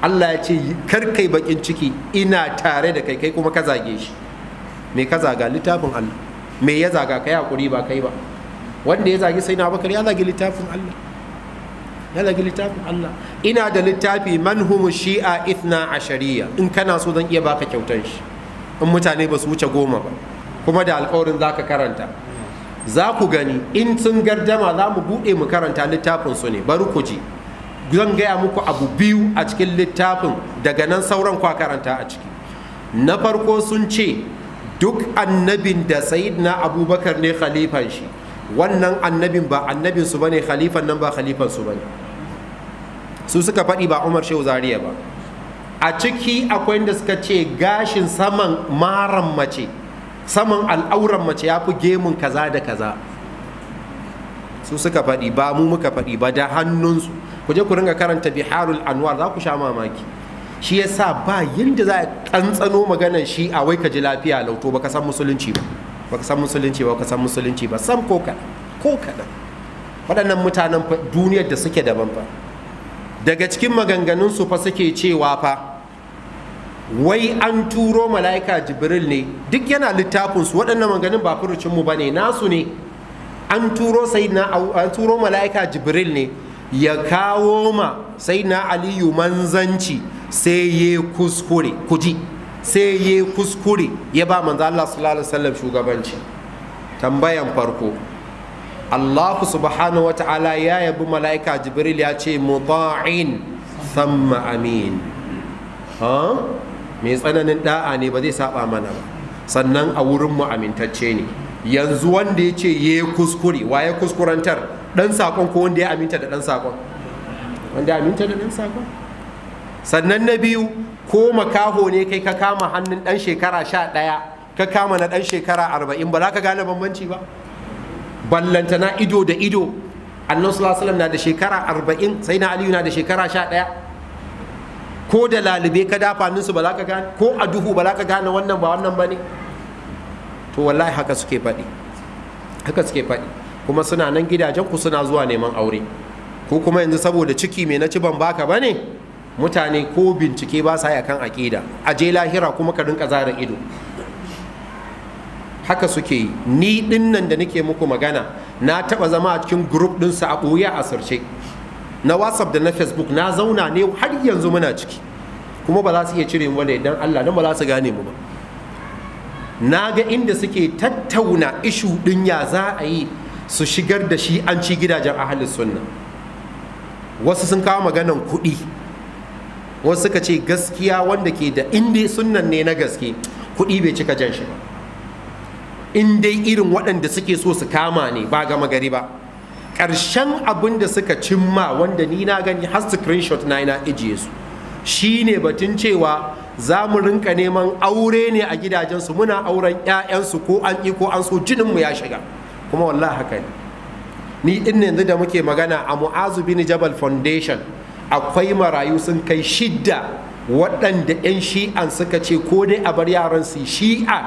Allah ya ce kar kai bakin ciki ina tare da kai kai kuma ka zage shi me ka zaga littafin Allah me ya zaga kai hakuri ba kai ba wanda ya zagi sai na bakar ya zagi littafin Allah ya zagi littafin Allah ina da littafi manhumu shi'a ithna ashariya in kana so zan iya baka kyautar shi in mutane ba su wuce goma ba kuma da alƙawarin zaka karanta za ku gani in sun gardama za mu buɗe mu karanta littafin su ne bari ku ji zan gaya muku abu biyu a cikin littafin daga nan sauran kwa karanta a ciki na farko sun ce duk annabin da na abubakar ne khalifan shi wannan annabin ba annabin su bane khalifan nan ba khalifan su bane su suka faɗi ba umar shehu zariya ba a ciki akwai da suka ce gashin saman maran mace saman al'auran mace ya fi gemun kaza da kaza su suka faɗi ba mu muka faɗi ba da hannunsu ku je ku ringa karanta biharul anwar za ku sha mamaki shi ya sa ba yadda za a kantsano maganar shi a wai ka ji lafiya lauto baka san musulunci ba baka san musulunci ba baka san musulunci ba sam ko kaɗan ko kaɗan waɗannan mutanen duniyar da suke daban fa daga cikin maganganun su fa suke cewa fa wai an turo mala'ika jibril ne duk yana littafin su waɗannan maganganun ba furucin mu bane nasu ne an turo sayyidina an turo mala'ika jibril ne ya kawo ma sai na aliyu manzanci sai ya kuskure kuji sai ya kuskure ya ba manzo Allah sallallahu alaihi wasallam shugabanci tambayan farko Allah subhanahu wata'ala ya yabi mala'ika jibril ya ce muta'in thumma amin ha mai tsananin da'a ne ba zai saba mana ba sannan a wurin mu amintacce ne yanzu wanda ya ce ya kuskure wa ya kuskurantar dan sakon ko wanda ya aminta da dan sakon wanda ya aminta da dan sakon sannan na biyu ko makaho ne kai ka kama hannun dan shekara sha ɗaya ka kama na dan shekara arba'in ba za ka gane bambanci ba ballanta na ido da ido annan sulasulam na da shekara arba'in sai na aliyu na da shekara sha ɗaya ko da lalube ka dafa ninsu ba za ka gane ko a duhu ba za ka gane wannan ba wannan ba ne to wallahi haka suke faɗi haka suke faɗi kuma suna nan gidajen ku suna zuwa neman aure ko kuma yanzu saboda ciki mai na ci ban baka bane mutane ko bincike ba sa yi akan aƙida a je lahira kuma ka rinka zara ido haka suke yi ni dinnan da nake muku magana na taba zama a cikin group din su a ɓoye a sirce na whatsapp da na facebook na zauna ne har yanzu muna ciki kuma ba za su iya cire mu wani idan Allah dan ba za su gane mu ba na ga inda suke tattauna ishu din za a yi su shigar da shi an ci gidajen ahalin sunna wasu sun kawo maganan kuɗi wasu suka ce gaskiya wanda ke da inda sunnan ne na gaske kuɗi bai cika jan shi ba in dai irin waɗanda suke so su kama ne ba gama gari ba ƙarshen abin da suka cimma wanda ni na gani har shot na na ijiye su ne batun cewa za mu rinka neman aure ne a gidajensu muna auren 'ya'yansu ko an ko an so jininmu ya shiga kuma wallah haka ne ni din yanzu da muke magana a mu'azu bin jabal foundation akwai marayu sun kai shidda waɗanda 'yan shi'an suka ce ko dai a bar yaran su shi'a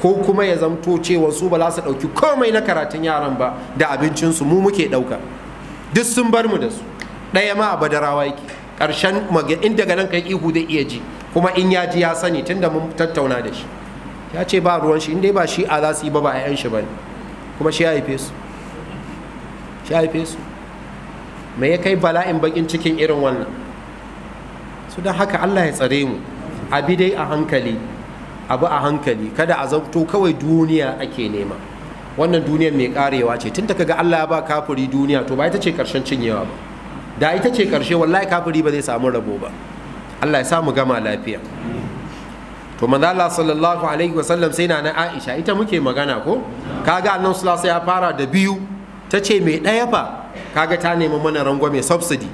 ko kuma ya zamto ce wasu ba za su ɗauki komai na karatun yaran ba da abincinsu mu muke ɗauka duk sun bar mu da su ɗaya ma a badarawa yake ƙarshen in daga nan kai ihu zai iya ji kuma in ya ji ya sani tunda mun tattauna da shi ya ce ba ruwan shi in dai ba shi'a za su yi ba ba 'yan shi ba ne kuma shi ya haife su shi ya haife su me ya kai bala'in bakin cikin irin wannan su don haka Allah ya tsare mu abi dai a hankali abu a hankali kada a zato kawai duniya ake nema wannan duniyar mai karewa ce tun ka ga Allah ya ba kafiri duniya to ba ita ce karshen cinyewa ba da ita ce karshe wallahi kafiri ba zai samu rabo ba Allah ya sa mu gama lafiya to manzo Allah sallallahu alaihi wasallam sai na na Aisha ita muke magana ko kaga annan sallallahu ya fara da biyu ta ce mai ɗaya fa kaga ta nemi mana rangwame subsidy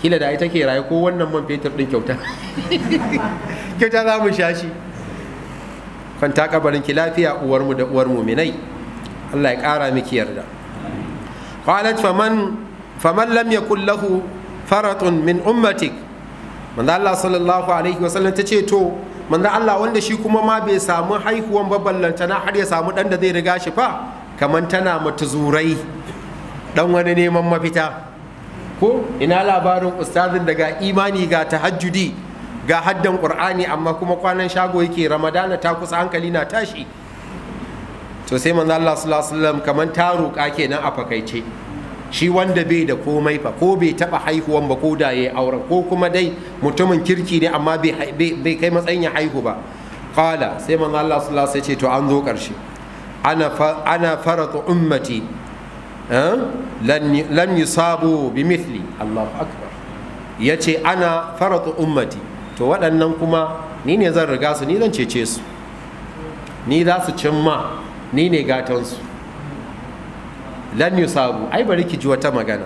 kila da ita ke raye ko wannan man fetur din kyauta kyauta za mu sha shi kwanta kabarin ki lafiya uwar mu da uwar mu muminai Allah ya ƙara miki yarda qalat faman faman lam yakul lahu faratun min ummatik manzo Allah sallallahu alaihi wasallam ta to manzo Allah wanda shi kuma ma bai samu haihuwan baballanta na har ya samu dan da zai riga shi fa kaman tana zurai dan wani neman mafita ko ina labarin ustazin daga imani ga tahajjudi ga haddan qur'ani amma kuma kwanan shago yake ramadana ta kusa hankali na tashi to sai manzo Allah sallallahu alaihi wasallam kaman ta roƙa kenan a fakaice shi wanda bai da komai fa ko bai taba haihuwan ba ko da ya aure ko kuma dai mutumin kirki ne amma bai kai matsayin ya haihu ba qala sai manzo Allah sallallahu alaihi ce to an zo karshe ana ana faratu ummati eh? lan yusabu bi mithli Allahu akbar yace ana faratu ummati to waɗannan kuma ni ne zan riga su ni zan cece su ni za su cimma ni ne gatan su. lan yusabu ai bari ki ji wata magana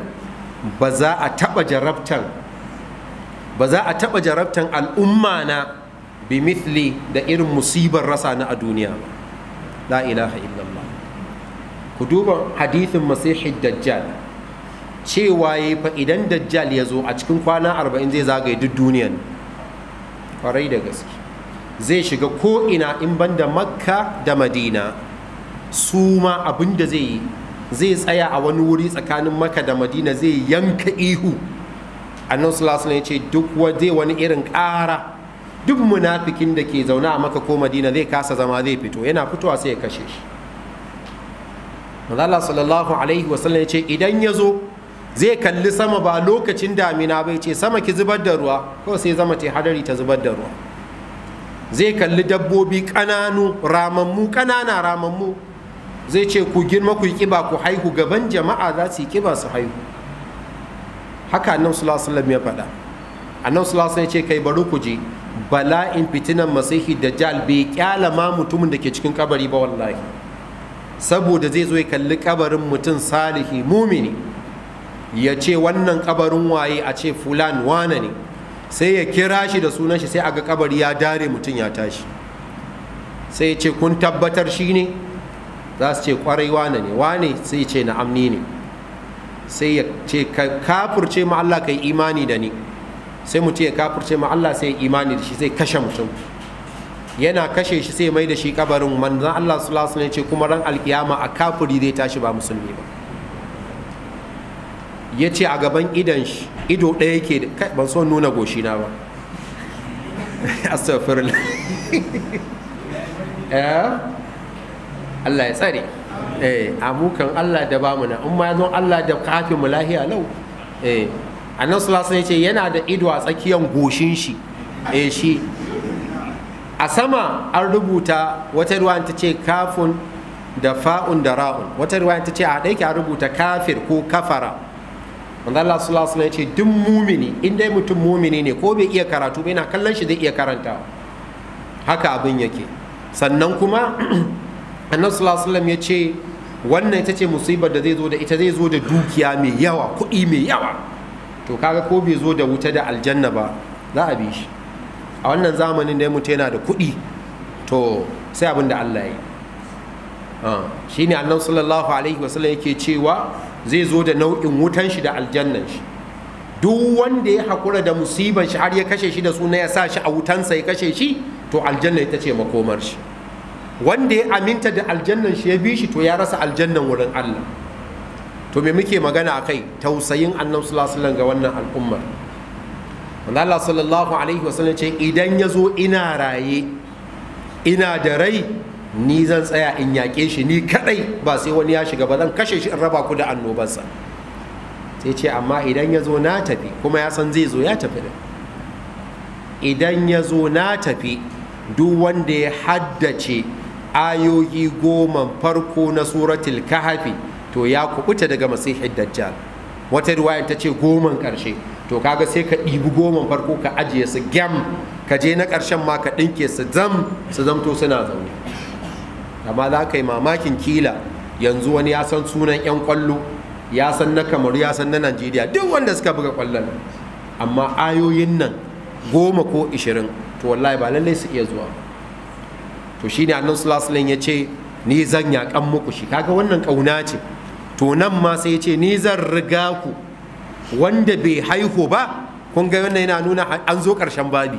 ba za a taba jarabtan ba za a taba jarabtan al'umma na bi mithli da irin musibar rasa na a duniya la ilaha illallah ku duba hadithin masihi dajjal cewa ya fa idan dajjal ya zo a cikin kwana arba'in zai zagaye duk duniyan kwarai da gaske zai shiga ko'ina in banda makka da madina su ma abin da zai yi zai tsaya a wani wuri tsakanin maka da madina zai yanka ihu annan sulasun ya ce duk zai wani irin ƙara duk munafikin da ke zaune a maka ko madina zai kasa zama zai fito yana fitowa sai ya kashe shi Allah sallallahu alaihi wasallam ya ce idan ya zo zai kalli sama ba lokacin damina bai ce sama ki zubar da ruwa ko sai zama ta hadari ta zubar da ruwa zai kalli dabbobi ƙananu ramammu ƙanana ramammu zai ce ku girma ku yi kiba ku haihu gaban jama'a za su yi kiba su haihu haka annabi sallallahu ya faɗa annabi sallallahu ya ce kai bari ku je bala'in fitinan masihi jal bai kyala ma mutumin da ke cikin kabari ba wallahi saboda zai zo ya kalli kabarin mutum salihi mumini ya ce wannan kabarin waye a ce fulan wane ne sai ya kira shi da sunan shi sai ga kabari ya dare mutum ya tashi sai ya ce kun tabbatar shi ne za su ce kwarai wane ne wane sai ce na amni ne sai ya ce kafur kafurce ma Allah yi imani da ni sai mu ce ya kafurce ma Allah sai imani da shi sai kashe mutum yana kashe shi sai mai da shi kabarin manzan Allah lasu ne ce kuma ran alkiyama a kafuri zai tashi ba musulmi ba ya ce a gaban idan shi ido ɗaya yake da kai ban so nuna goshina ba astaghfirullah eh? Allah ya tsare eh amukan Allah da bamu na in ma zon Allah da kafin mu lahiya lau eh annan sulasa ya ce yana da ido a tsakiyar goshin shi eh shi a sama an rubuta wata ruwan ta ce kafin da fa'un da ra'un wata ruwan ta ce a haɗe a rubuta kafir ko kafara wanda Allah sulasa ya ce duk mumini in dai mutum mumini ne ko bai iya karatu bai na kallon shi zai iya karanta. haka abin yake sannan kuma annabi sallallahu alaihi wasallam ya ce wannan ita ce musibar da zai zo da ita zai zo da dukiya mai yawa kuɗi mai yawa to kaga ko bai zo da wuta da aljanna ba za a bi shi a wannan zamanin da ya mutu yana da kuɗi to sai abin da Allah ya yi ah, shi ne annabi sallallahu alaihi wasallam yake cewa zai zo da nau'in wutan shi da aljannan shi duk wanda ya haƙura da musibar shi har ya kashe shi da suna ya sa shi a wutansa ya kashe shi to aljanna ita ce makomar shi wanda ya aminta da aljannan shi ya bi shi to ya rasa aljannan wurin Allah to me muke magana a kai tausayin annabi sallallahu alaihi ga wannan al'ummar wanda Allah sallallahu alaihi wasallam ce idan ya zo ina raye ina da rai ni zan tsaya in yaƙe shi ni kadai ba sai wani ya shiga ba zan kashe shi in raba ku da annobansa sai ce amma idan ya zo na tafi kuma ya san zai zo ya tafi da idan ya zo na tafi duk wanda ya haddace ayoyi goma farko na suratul kahafi to ya kubuta daga masihid dajjal wata riwaya ta ce goman karshe to kaga sai ka ɗibi goman farko ka ajiye su gyam ka je na ƙarshen ma ka ɗinke su zam su zamto suna zaune amma za ka yi mamakin kila yanzu wani ya san sunan 'yan kwallo ya san na kamaru ya san na najeriya duk wanda suka buga kwallon amma ayoyin nan goma ko ishirin to wallahi ba lallai su iya zuwa ba to shine annabi sallallahu alaihi ya ce ni zan yakan muku shi kaga wannan kauna ce to nan ma sai yace ce ni zan riga ku wanda bai haihu ba kun ga wannan yana nuna an zo karshen babi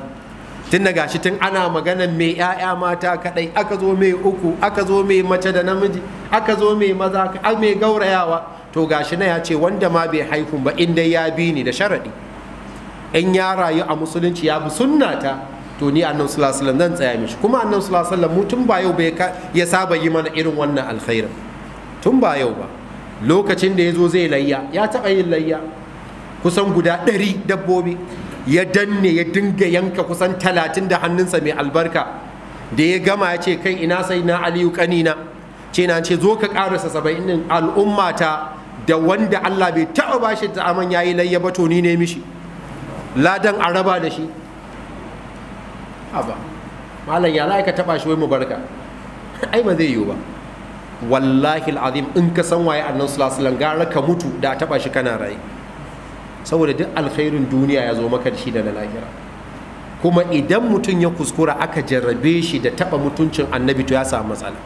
tun da gashi tun ana magana mai 'ya'ya mata kadai aka zo mai uku aka zo mai mace da namiji aka zo mai maza mai gaurayawa to gashi na ya ce wanda ma bai haihu ba in dai ya bi ni da sharaɗi in ya rayu a musulunci ya bi sunnata to ni annabi sallallahu alaihi zan tsaya mishi kuma annabi sallallahu alaihi wasallam tun ba yau bai ya saba yi mana irin wannan alkhairin tun ba yau ba lokacin da ya zo zai layya ya taba yin layya kusan guda ɗari dabbobi ya danne ya dinga yanka kusan talatin da hannunsa mai albarka da ya gama ya ce kan ina sai na aliyu kanina ce na ce zo ka karasa saba'in din al'ummata da wanda allah bai taɓa bashi da aman yayi layya ba to ni ne mishi ladan a raba da shi haba malam ya ka taba shi wai mubarka barka ai ba zai yiwu ba wallahi alazim in ka san waye annabi sallallahu alaihi gara ka mutu da taba shi kana rai saboda duk alkhairin duniya ya zo maka da shi da lahira kuma idan mutum ya kuskura aka jarrabe shi da taba mutuncin annabi to ya samu matsala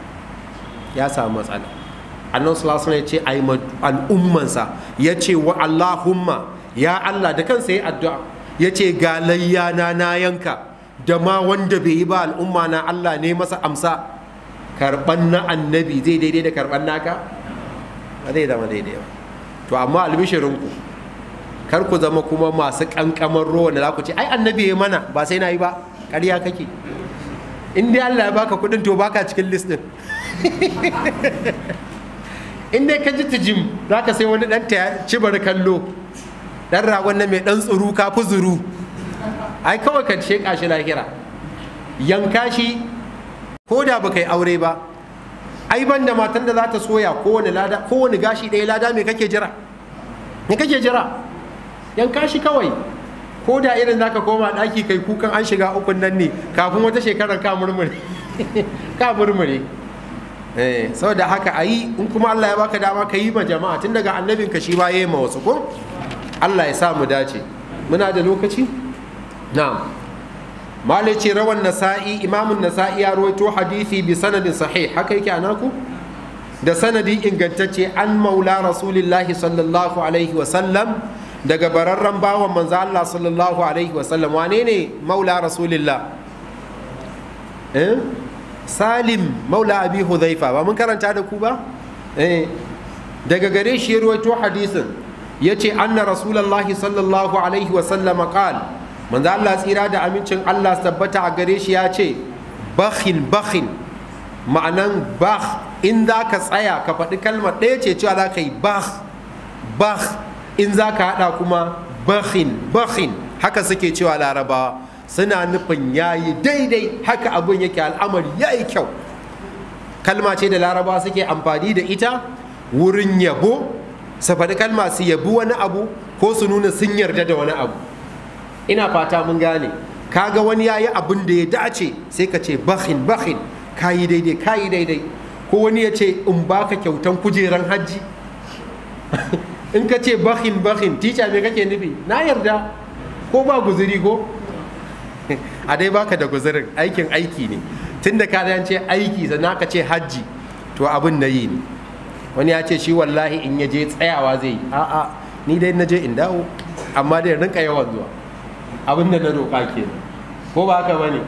ya samu matsala annabi sallallahu alaihi ya ce ai al'ummansa ya ce wa allahumma ya allah da kansa ya addu'a ya ce ga layyana na yanka da ma wanda bai yi ba al'umma na Allah ne masa amsa karban na annabi zai daidai da karban naka ba zai zama daidai ba to amma albishirinku kar ku zama kuma masu kankamar ruwa da za ku ce ai annabi ya mana ba sai na yi ba ƙarya kake in dai Allah ya baka kuɗin to baka cikin list ɗin. in dai ka ji tijim za ka sai wani ɗan ta ci bari kallo ɗan ragon na mai ɗan tsuru ka fi zuru ai kawai ka sheƙa shi lahira yanka shi ko da baka yi aure ba ai ban da matan da za ta soya kowane lada kowane gashi ɗaya lada me kake jira me kake jira yanka shi kawai ko da irin zaka koma ɗaki kai kukan an shiga ukun nan ne kafin wata shekarar ka murmure ka murmure eh, saboda haka a yi in kuma Allah ya baka dama ka yi ma jama'a tun daga annabinka shi ba ya yi ma wasu ko Allah ya sa mu dace muna da lokaci na'am malai ce rawan nasa'i imamun nasa'i ya rawaito hadithi bi sanadin sahih haka yake naku? da sanadi ce an maula rasulillahi sallallahu alaihi wasallam daga bararren bawan manzo Allah sallallahu alaihi wasallam wane ne maula rasulillah eh? salim maula abi hudhaifa ba mun karanta da ku ba eh. daga gare shi ya rawaito hadisin ce anna rasulullahi sallallahu alaihi wasallam manzo Allah tsira da amincin Allah tabbata a gare shi ya ce bakhin bakhin ma'anan bakh in za ka tsaya ka faɗi kalmar ɗaya ce cewa za ka yi bakh bakh in za ka haɗa kuma bakhin bakhin haka suke cewa larabawa suna nufin ya yi daidai haka abin yake al'amari yi kyau kalma ce da larabawa suke amfani da ita wurin yabo su faɗi kalma su yabi wani abu ko su nuna sun yarda da wani abu ina fata mun gane kaga wani yayi abin da ya dace sai ka ce bakhin bakhin kayi daidai kayi daidai ko wani ya ce in baka kyautan kujeran hajji in ka ce bakhin bakhin tica me kake nufi na yarda ko ba guzuri ko a dai baka da guzurin aikin aiki ne tun ka da ce aiki sannan ka ce hajji to abin na yi ne wani ya ce shi wallahi in ya je tsayawa zai yi a'a ni dai na je in dawo amma dai rinka yawan zuwa abin da na roƙa ke ko ba haka bane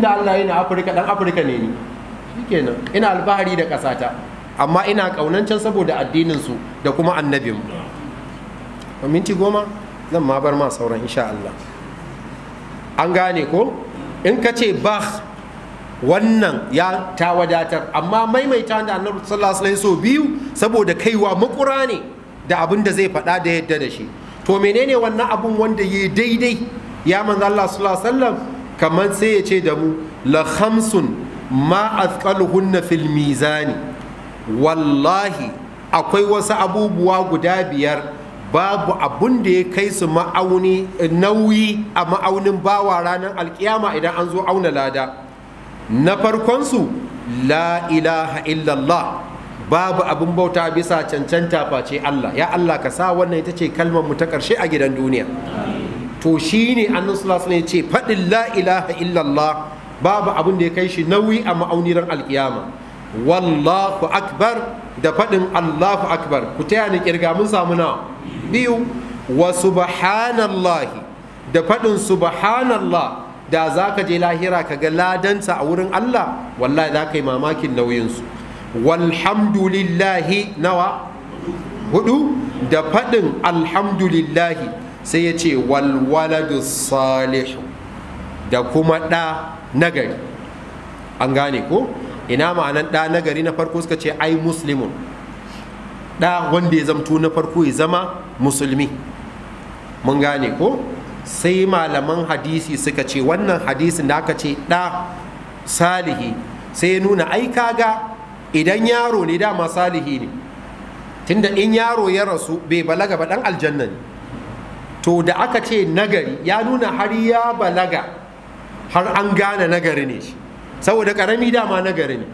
da Allah yana Afirka dan Afirka ne ni shikenan ina alfahari da ƙasata amma ina ƙaunancen saboda addinin da kuma annabin mu minti goma zan ma bar ma sauran insha Allah an gane ko in ka ce bah wannan ya ta wadatar amma maimaita da annabi sallallahu alaihi so biyu saboda kaiwa makura ne da abin da zai faɗa da yadda da shi to menene wannan abun wanda ya daidai ya manzo Allah sallallahu alaihi wasallam kamar sai ya ce da mu la khamsun ma azqaluhunna fil mizan wallahi akwai wasu abubuwa guda biyar babu abun da ya kai su ma'auni nauyi a ma'aunin bawa ranar alkiyama idan an zo auna lada na farkonsu la ilaha illallah babu abin bauta bisa cancanta face Allah ya Allah ka sa wannan ita ce kalmar mu ta ƙarshe a gidan duniya to shi ne sallallahu alaihi ce faɗin la ilaha illallah babu abin da ya kai shi nauyi a ma'auniran alkiyama wallahu akbar da faɗin allahu akbar ku taya ni kirga mun samu na biyu wa subhanallahi da faɗin subhanallah da za ka je lahira ka ga ladanta a wurin Allah wallahi za ka yi mamakin nauyinsu walhamdulillahi nawa hudu da faɗin alhamdulillahi sai ya ce walwaladu salihu da kuma ɗa nagari an gane ko ina ma'anan ɗa nagari na farko suka ce ai muslimun ɗa wanda ya zamto na farko ya zama musulmi mun gane ko sai malaman hadisi suka ce wannan hadisin da aka ce ɗa salihi sai ya nuna ai kaga idan yaro ne dama salihi ne tunda in yaro ya rasu bai balaga ba ɗan aljanna ne to da aka ce nagari ya nuna har ya balaga har an gane nagari ne saboda karami dama nagari ne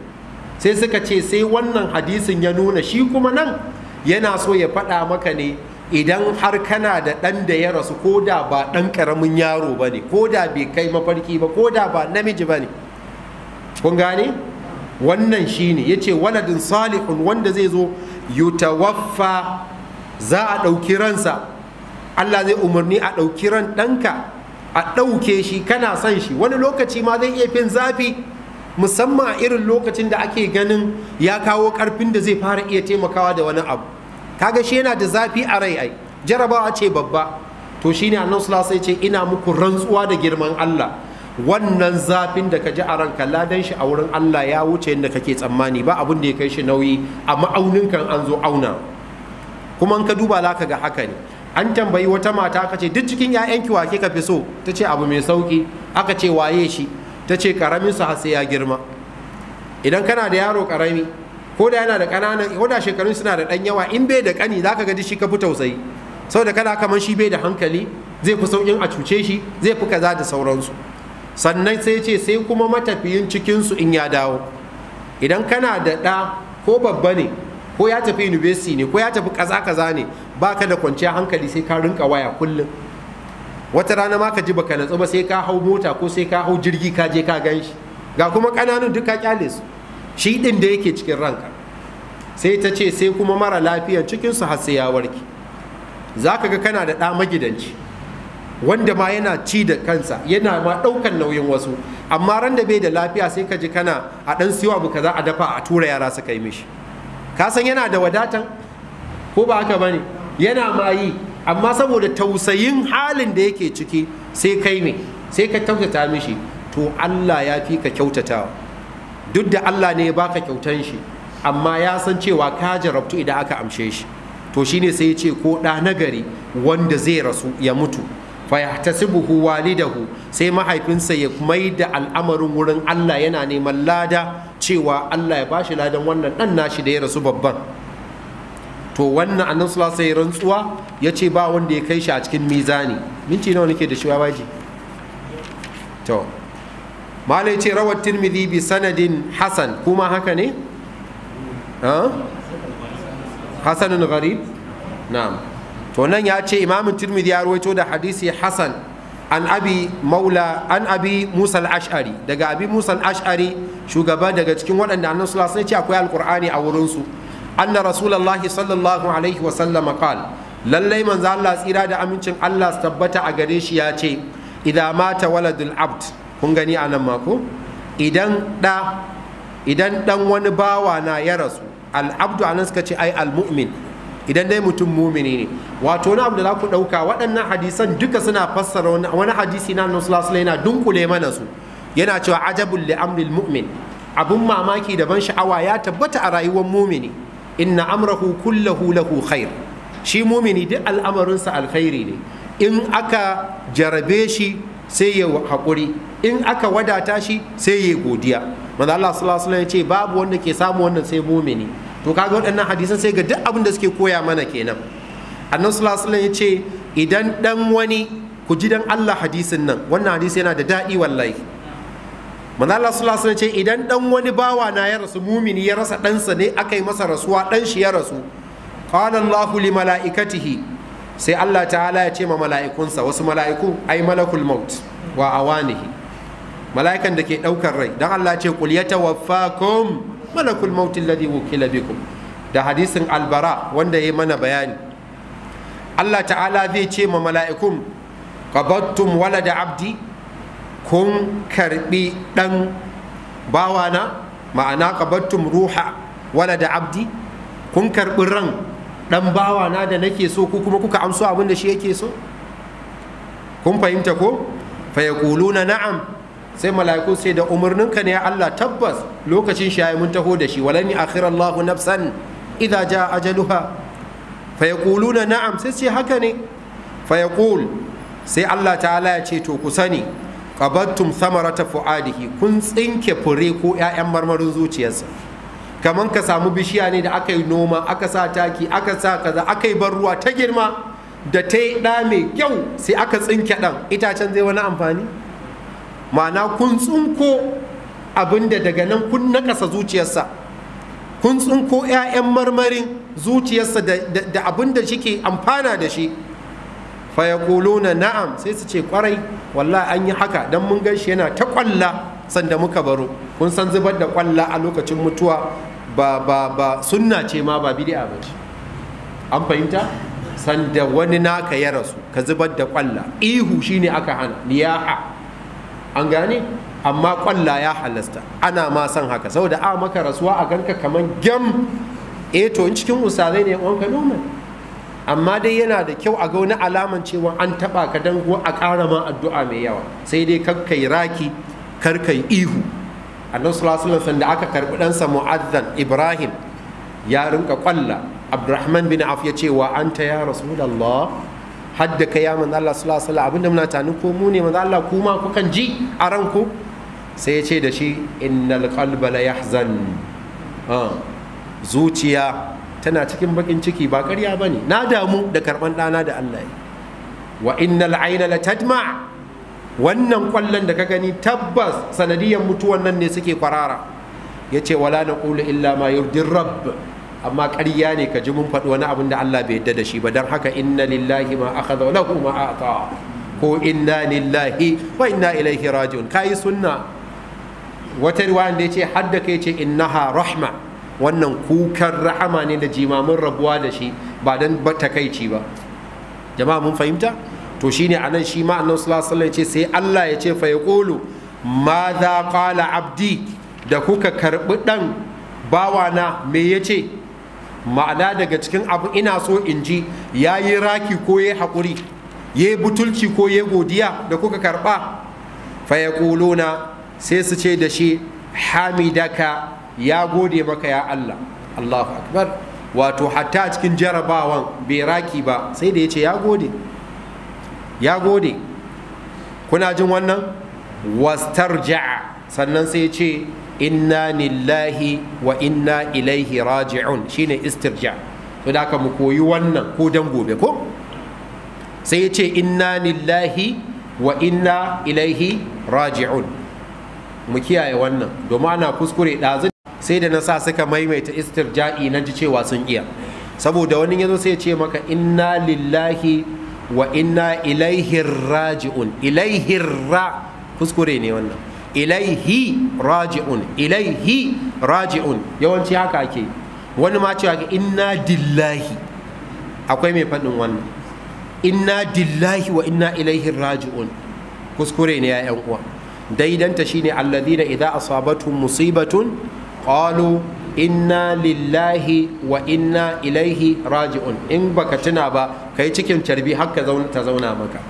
sai suka ce sai wannan hadisin ya nuna shi kuma nan yana so ya faɗa maka ne idan har kana da ɗan da ya rasu ko da ba ɗan ƙaramin yaro ba ne ko da bai kai mafarki ba ko da ba namiji ba ne kun gane wannan shi ne ya ce waladin salihun wanda zai zo yutawaffa za a ɗauki ransa Allah zai umarni a ɗauki ran ɗanka a ɗauke shi kana son shi wani lokaci ma zai iya fin zafi musamman a irin lokacin da ake ganin ya kawo ƙarfin da zai fara iya taimakawa da wani abu kaga shi yana da zafi a rai ai jarabawa ce babba to shine annabi sallallahu alaihi ce ina muku rantsuwa da girman Allah wannan zafin da ka ji a ranka ladan shi a wurin Allah ya wuce yadda kake tsammani ba abin da ya kai shi nauyi a ma'aunin kan an zo auna kuma in ka duba za ka ga haka ne an tambayi wata mata aka ce duk cikin 'ya'yanki wa ka fi so ta ce abu mai sauki aka ce waye shi ta ce karamin su sai ya girma idan kana da yaro karami ko da yana da ƙananan ko da shekarun suna da ɗan yawa in bai da ƙani za ka ga shi ka fi tausayi saboda kana kamar shi bai da hankali zai fi saukin a cuce shi zai fi kaza da sauransu sannan sai ce sai kuma matafiyin cikinsu in ya dawo idan kana da ɗa ko babba ne ko ya tafi university ne ko ya tafi kaza kaza ne baka da kwanciyar hankali sai ka rinka waya kullum wata rana ma ka ji baka natsu ba sai ka hau mota ko sai ka hau jirgi ka je ka gan shi ga kuma ƙananun duka ka kyale su shi din da yake cikin ranka sai ta ce sai kuma mara lafiyar cikin su har sai ya warke za ka ga kana da ɗa magidanci wanda ma yana ci da kansa yana ma ɗaukan nauyin wasu amma ran da bai da lafiya sai ka ji kana a ɗan siyowa abu za a dafa a tura yara su kai mishi ka san yana da wadatan ko ba haka bane yana mayi amma saboda tausayin halin da yake ciki sai kai ne sai ka kyautata mishi to Allah ya fi ka kyautatawa duk da Allah ne ya baka kyautan shi amma ya san cewa ka jarabtu idan aka amshe shi to shine sai ya ce ko ɗa nagari wanda zai rasu ya mutu fayahtasibuhu walidahu sai mahaifinsa ya mai da al'amarin wurin Allah yana neman lada cewa Allah ya bashi ladan wannan ɗan nashi da ya rasu babban to wannan annan sallallahu alaihi rantsuwa ya ce ba wanda ya kai shi a cikin mizani minti nawa nake da shi babaji to malai ce rawar tirmidhi bi sanadin hasan kuma haka ne hasanun gharib na'am to nan ya ce imamin tirmidhi ya rawaito da hadisi hasan an abi maula an abi musa al-ash'ari daga abi musa al-ash'ari shugaba daga cikin waɗanda annan sallallahu alaihi ce akwai alqur'ani a wurinsu anna rasulullahi sallallahu lallai manzo tsira da amincin Allah su tabbata a gare shi ya ce idan mata waladul abd idan da dan wani bawa na ya rasu al abdu anan suka ce ai al idan dai mutum mumini ne wato na abu ku ɗauka waɗannan hadisan duka suna fassara wani hadisi na annabi sallallahu alaihi yana dunkule mana su yana cewa ajabul li amril mu'min mamaki da ban sha'awa ya tabbata a rayuwar mumini inna amrahu kullahu lahu khair shi mumini duk al'amarinsa alkhairi ne in aka jarabe shi sai ya haƙuri in aka wadata shi sai ya godiya manzo Allah sallallahu alaihi wasallam ya ce babu wanda ke samu wannan sai mumini to kaga waɗannan hadisan sai ga duk abin suke koya mana kenan annabi sallallahu alaihi ya ce idan dan wani ku ji dan Allah hadisin nan wannan hadisi yana da daɗi wallahi manzo Allah sallallahu ce idan dan wani bawa na ya rasu mumini ya rasa ɗansa ne aka yi masa rasuwa dan shi ya rasu qala Allahu li malaikatihi sai Allah ta'ala ya ce ma mala'ikunsa wasu mala'iku ai malakul maut wa awanihi mala'ikan da ke ɗaukar rai dan Allah ce qul yatawaffakum malakul maut alladhi wukila bikum da hadisin albara wanda ya mana bayani Allah ta'ala zai ce ma mala'ikun qabattum walada abdi kun karbi ɗan bawana ma'ana qabattum ruha wala da abdi kun karbi ran ɗan bawana da nake so ku kuma kuka amso abin da shi yake so kun fahimta ko fa yaquluna na'am sai mala'iku sai da umarninka ne ya Allah tabbas lokacin shi mun taho da shi walani akhir Allah nafsan idza jaa ajaluha fa yaquluna na'am sai sai haka ne fa yaqul sai Allah ta'ala ya ce to ku sani qabattum samarata fuadihi kun tsinke fure ko yayan marmarin zuciyarsa Kaman ka samu bishiya ne da aka yi noma aka sa taki aka sa kaza aka yi ban ruwa ta girma da ta yi ɗa mai kyau sai aka tsinke ɗan itacen zai wani amfani ma'ana kun tsinko abinda daga nan kun nakasa zuciyarsa kun tsinko 'ya'yan marmarin zuciyarsa da abinda shi ke amfana da shi fayakuluna na'am sai su ce kwarai wallahi an yi haka don mun gan shi yana ta kwalla sanda muka baro kun san zubar da kwalla a lokacin mutuwa ba ba ba sunna ce ma ba bid'a ba ce an fahimta sanda wani naka ya rasu ka zubar da kwalla ihu shine aka hana niyaha an gane amma kwalla ya halasta ana ma son haka saboda a maka rasuwa a ganka kaman gem eh to in cikin usazai ne wanka normal amma dai yana da kyau a gauna alaman cewa an taba ka dan a ƙara ma addu'a mai yawa sai dai kar raki kar ihu annabi sallallahu alaihi da aka karbi ɗansa mu'azzan ibrahim ya rinka kwalla abdurrahman bin af ya ce wa anta ya rasulullah hadda ka ya manzo Allah sallallahu alaihi abinda muna tani ko mu ne manzo Allah kuma kukan ji a ranku sai ya ce da shi innal qalba la yahzan ah, zuciya tana cikin bakin ciki ba ƙarya ba ne na damu da karɓan ɗana da Allah yi wa innal aina la tadma wannan kwallon da ka gani tabbas sanadiyar mutuwan nan ne suke kwarara ya ce wala na ƙulu illa ma yurdin rabb amma ƙarya ne ka ji mun faɗi wani abin da Allah bai yadda da shi ba don haka inna lillahi ma akhadha lahu ma ata ko inna lillahi wa inna ilaihi raji'un kai sunna wata riwaya da yace hadda kai ce innaha rahma wannan kukan rahama ne da jimamin rabuwa da shi ba don takaici ba jama'a mun fahimta to shine nan shi ma annabi sallallahu ya ce sai Allah ya ce fa kolo ma za abdi da kuka karbi dan bawana me ce? ma'ana daga cikin abu ina so in ji ya yi raki ko ya haƙuri ya yi butulci ko ya godiya da kuka karɓa fa na sai su ce da shi hamidaka ya gode maka ya Allah Allahu akbar wato hatta cikin jarabawan bai raki ba sai da ya ce ya gode ya gode kuna jin wannan wastarja'a sannan sai ya ce inna lillahi wa inna ilaihi raji'un shine istirja to da mu koyi wannan ko dan gobe ko sai ya ce inna lillahi wa inna ilaihi raji'un mu kiyaye wannan domin ana kuskure ɗazu sai da na sa suka maimaita istirja'i nan ji cewa sun iya saboda wani yanzu sai ce maka inna lillahi wa inna ilaihi raji'un ilaihi ra kuskure ne wannan ilaihi raji'un ilaihi raji'un yawanci haka ake wani ma cewa inna dillahi akwai mai faɗin wannan inna dillahi wa inna ilaihi raji'un kuskure ne ya yan uwa daidanta shine alladhina idza asabatuhum musibatun qalu inna lillahi wa inna ilaihi raji'un in baka tuna ba kai cikin carbi haka ta zauna maka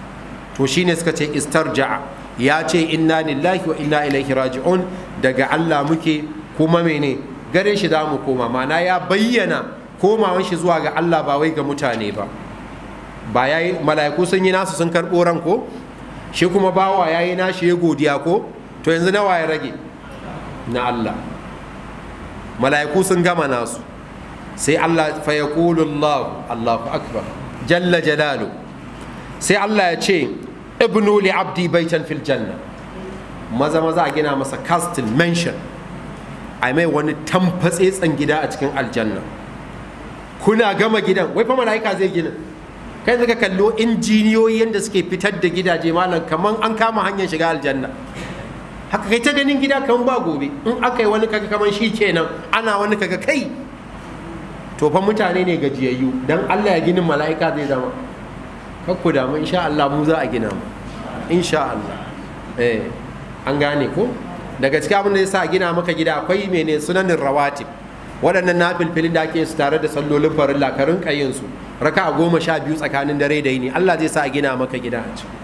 to shine suka ce istarja'a ya ce inna lillahi wa inna ilaihi raji'un daga Allah muke kuma mene gare shi za mu koma Mana ya bayyana komawan shi zuwa ga Allah ba wai ga mutane ba ba yayi mala'iku sun yi nasu sun karɓo ran ko shi kuma bawa yayi nashi ya godiya ko to yanzu nawa ya rage na Allah mala'iku sun gama nasu sai Allah fa yaqulu Allah Allahu akbar jalla jalalu sai Allah ya ce ibnu li abdi baitan fil janna maza maza a gina masa castle mansion a mai wani tsan gida a cikin aljanna kuna gama gidan wai fa mala'ika zai gina kai suka kallo injiniyoyi yadda suke fitar da gidaje malam kaman an kama hanyar shiga aljanna haka kai ta ganin gida kan ba gobe in aka yi wani kaga kaman shi kenan ana wani kaga kai to fa mutane ne gajiyayyu dan Allah ya gini mala'ika zai zama kakku da mu insha Allah mu za a gina mu insha Allah eh an gane ko daga cikin abin da yasa gina maka gida akwai mene sunanin rawatib waɗannan na filfilin da ake su tare da sallolin farilla ka rinka yin su raka goma sha biyu tsakanin dare da yini Allah zai sa a gina maka gida a cikin.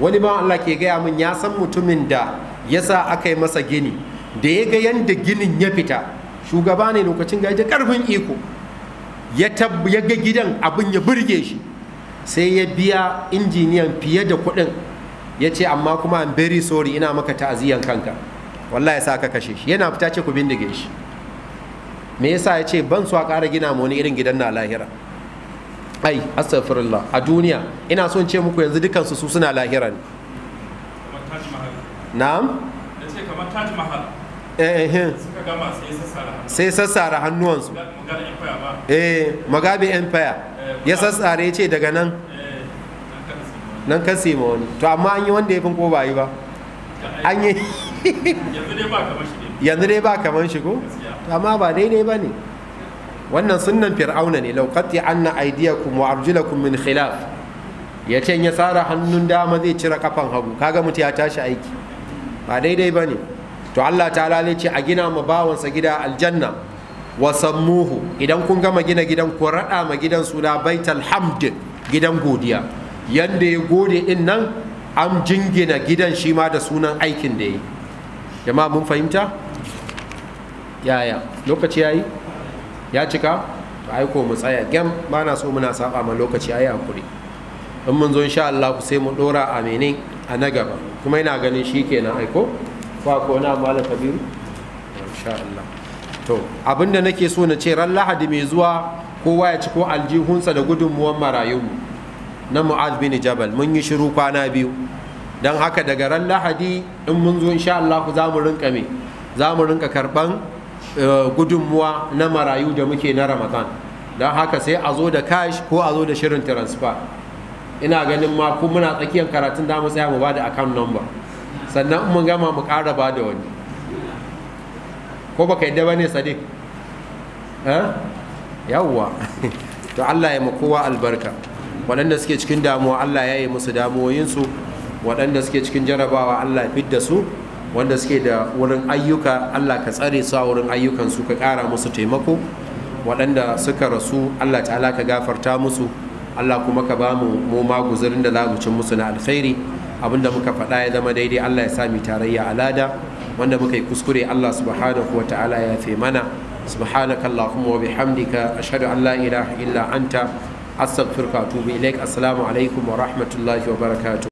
wani ma Allah ke gaya min ya san mutumin da ya sa aka yi masa gini da ya ga yadda ginin ya fita shugaba ne lokacin ga da karfin iko ya ga gidan abin ya burge shi sai ya biya injiniyan fiye da kuɗin ya ce amma kuma I'm very sorry ina maka ta'aziyan kanka wallahi sa ka kashe shi yana fita ce ku bindige shi me yasa ya ce ban so a ƙara gina mu wani irin gidan na lahira ai astaghfirullah a duniya ina son ce muku yanzu dukansu su suna lahira ne na'am da ce kamar taj mahal eh, eh, eh. suka gama sai sassara sai sassara hannuwansu eh magabe empire eh, ya sassare ce daga nan nan kan sima wani to amma an yi wanda ya fin ko bayi ba an yi yanzu dai ba shi ne yanzu dai ba kamar shi ko amma ba daidai ba ne wannan sunnan fir'auna ne law anna aidiyakum wa arjulakum min khilaf ya ce ya tsara hannun dama zai cire kafan hagu kaga mutu ya tashi aiki ba daidai ba ne to Allah ta lalace a gina ma bawansa gida aljanna wa sammuhu idan kun gama gina gidan ku raɗa ma gidan suna baital hamd gidan godiya yanda ya gode din nan an jingina gidan shi ma da sunan aikin da ya yi jama'a mun fahimta yaya lokaci ya yi ya cika aiko mu tsaya gem ba na so muna saba ma lokaci ai hakuri in mun zo insha Allah ku sai mu dora a mene a na gaba kuma ina ganin shi kenan aiko ba ko na mala kabiru insha Allah to abinda nake so na ce ran lahadi mai zuwa kowa ya ci ko aljihunsa da gudunmuwan marayunmu na mu'ad bin jabal mun yi shiru kwana biyu don haka daga ran lahadi in mun zo insha Allah ku za mu rinka me za mu rinka karban Eh, gudunmuwa na marayu da muke na ramadan don haka sai a zo da cash ko a zo da shirin transfer ina ganin ma ko muna tsakiyar karatun da mu tsaya mu bada account number sannan in mun gama mu ƙara ba da wani ko baka yadda ne sadiq eh? yawwa to Allah ya kowa albarka waɗanda suke cikin damuwa Allah ya yi musu damuwoyinsu waɗanda suke cikin jarabawa Allah ya fidda su wanda suke da wurin ayyuka Allah ka tsare su a wurin ayyukan su ka kara musu taimako waɗanda suka rasu Allah ta'ala ka gafarta musu Allah kuma ka ba mu mu ma guzurin da za mu cin musu na alkhairi abinda muka faɗa ya zama daidai Allah ya sa mu tarayya alada wanda muka yi kuskure Allah subhanahu wata'ala ya fe mana subhanaka allahumma wa bihamdika ashhadu an la ilaha illa anta astaghfiruka wa atubu ilaik assalamu alaikum wa rahmatullahi wa barakatuh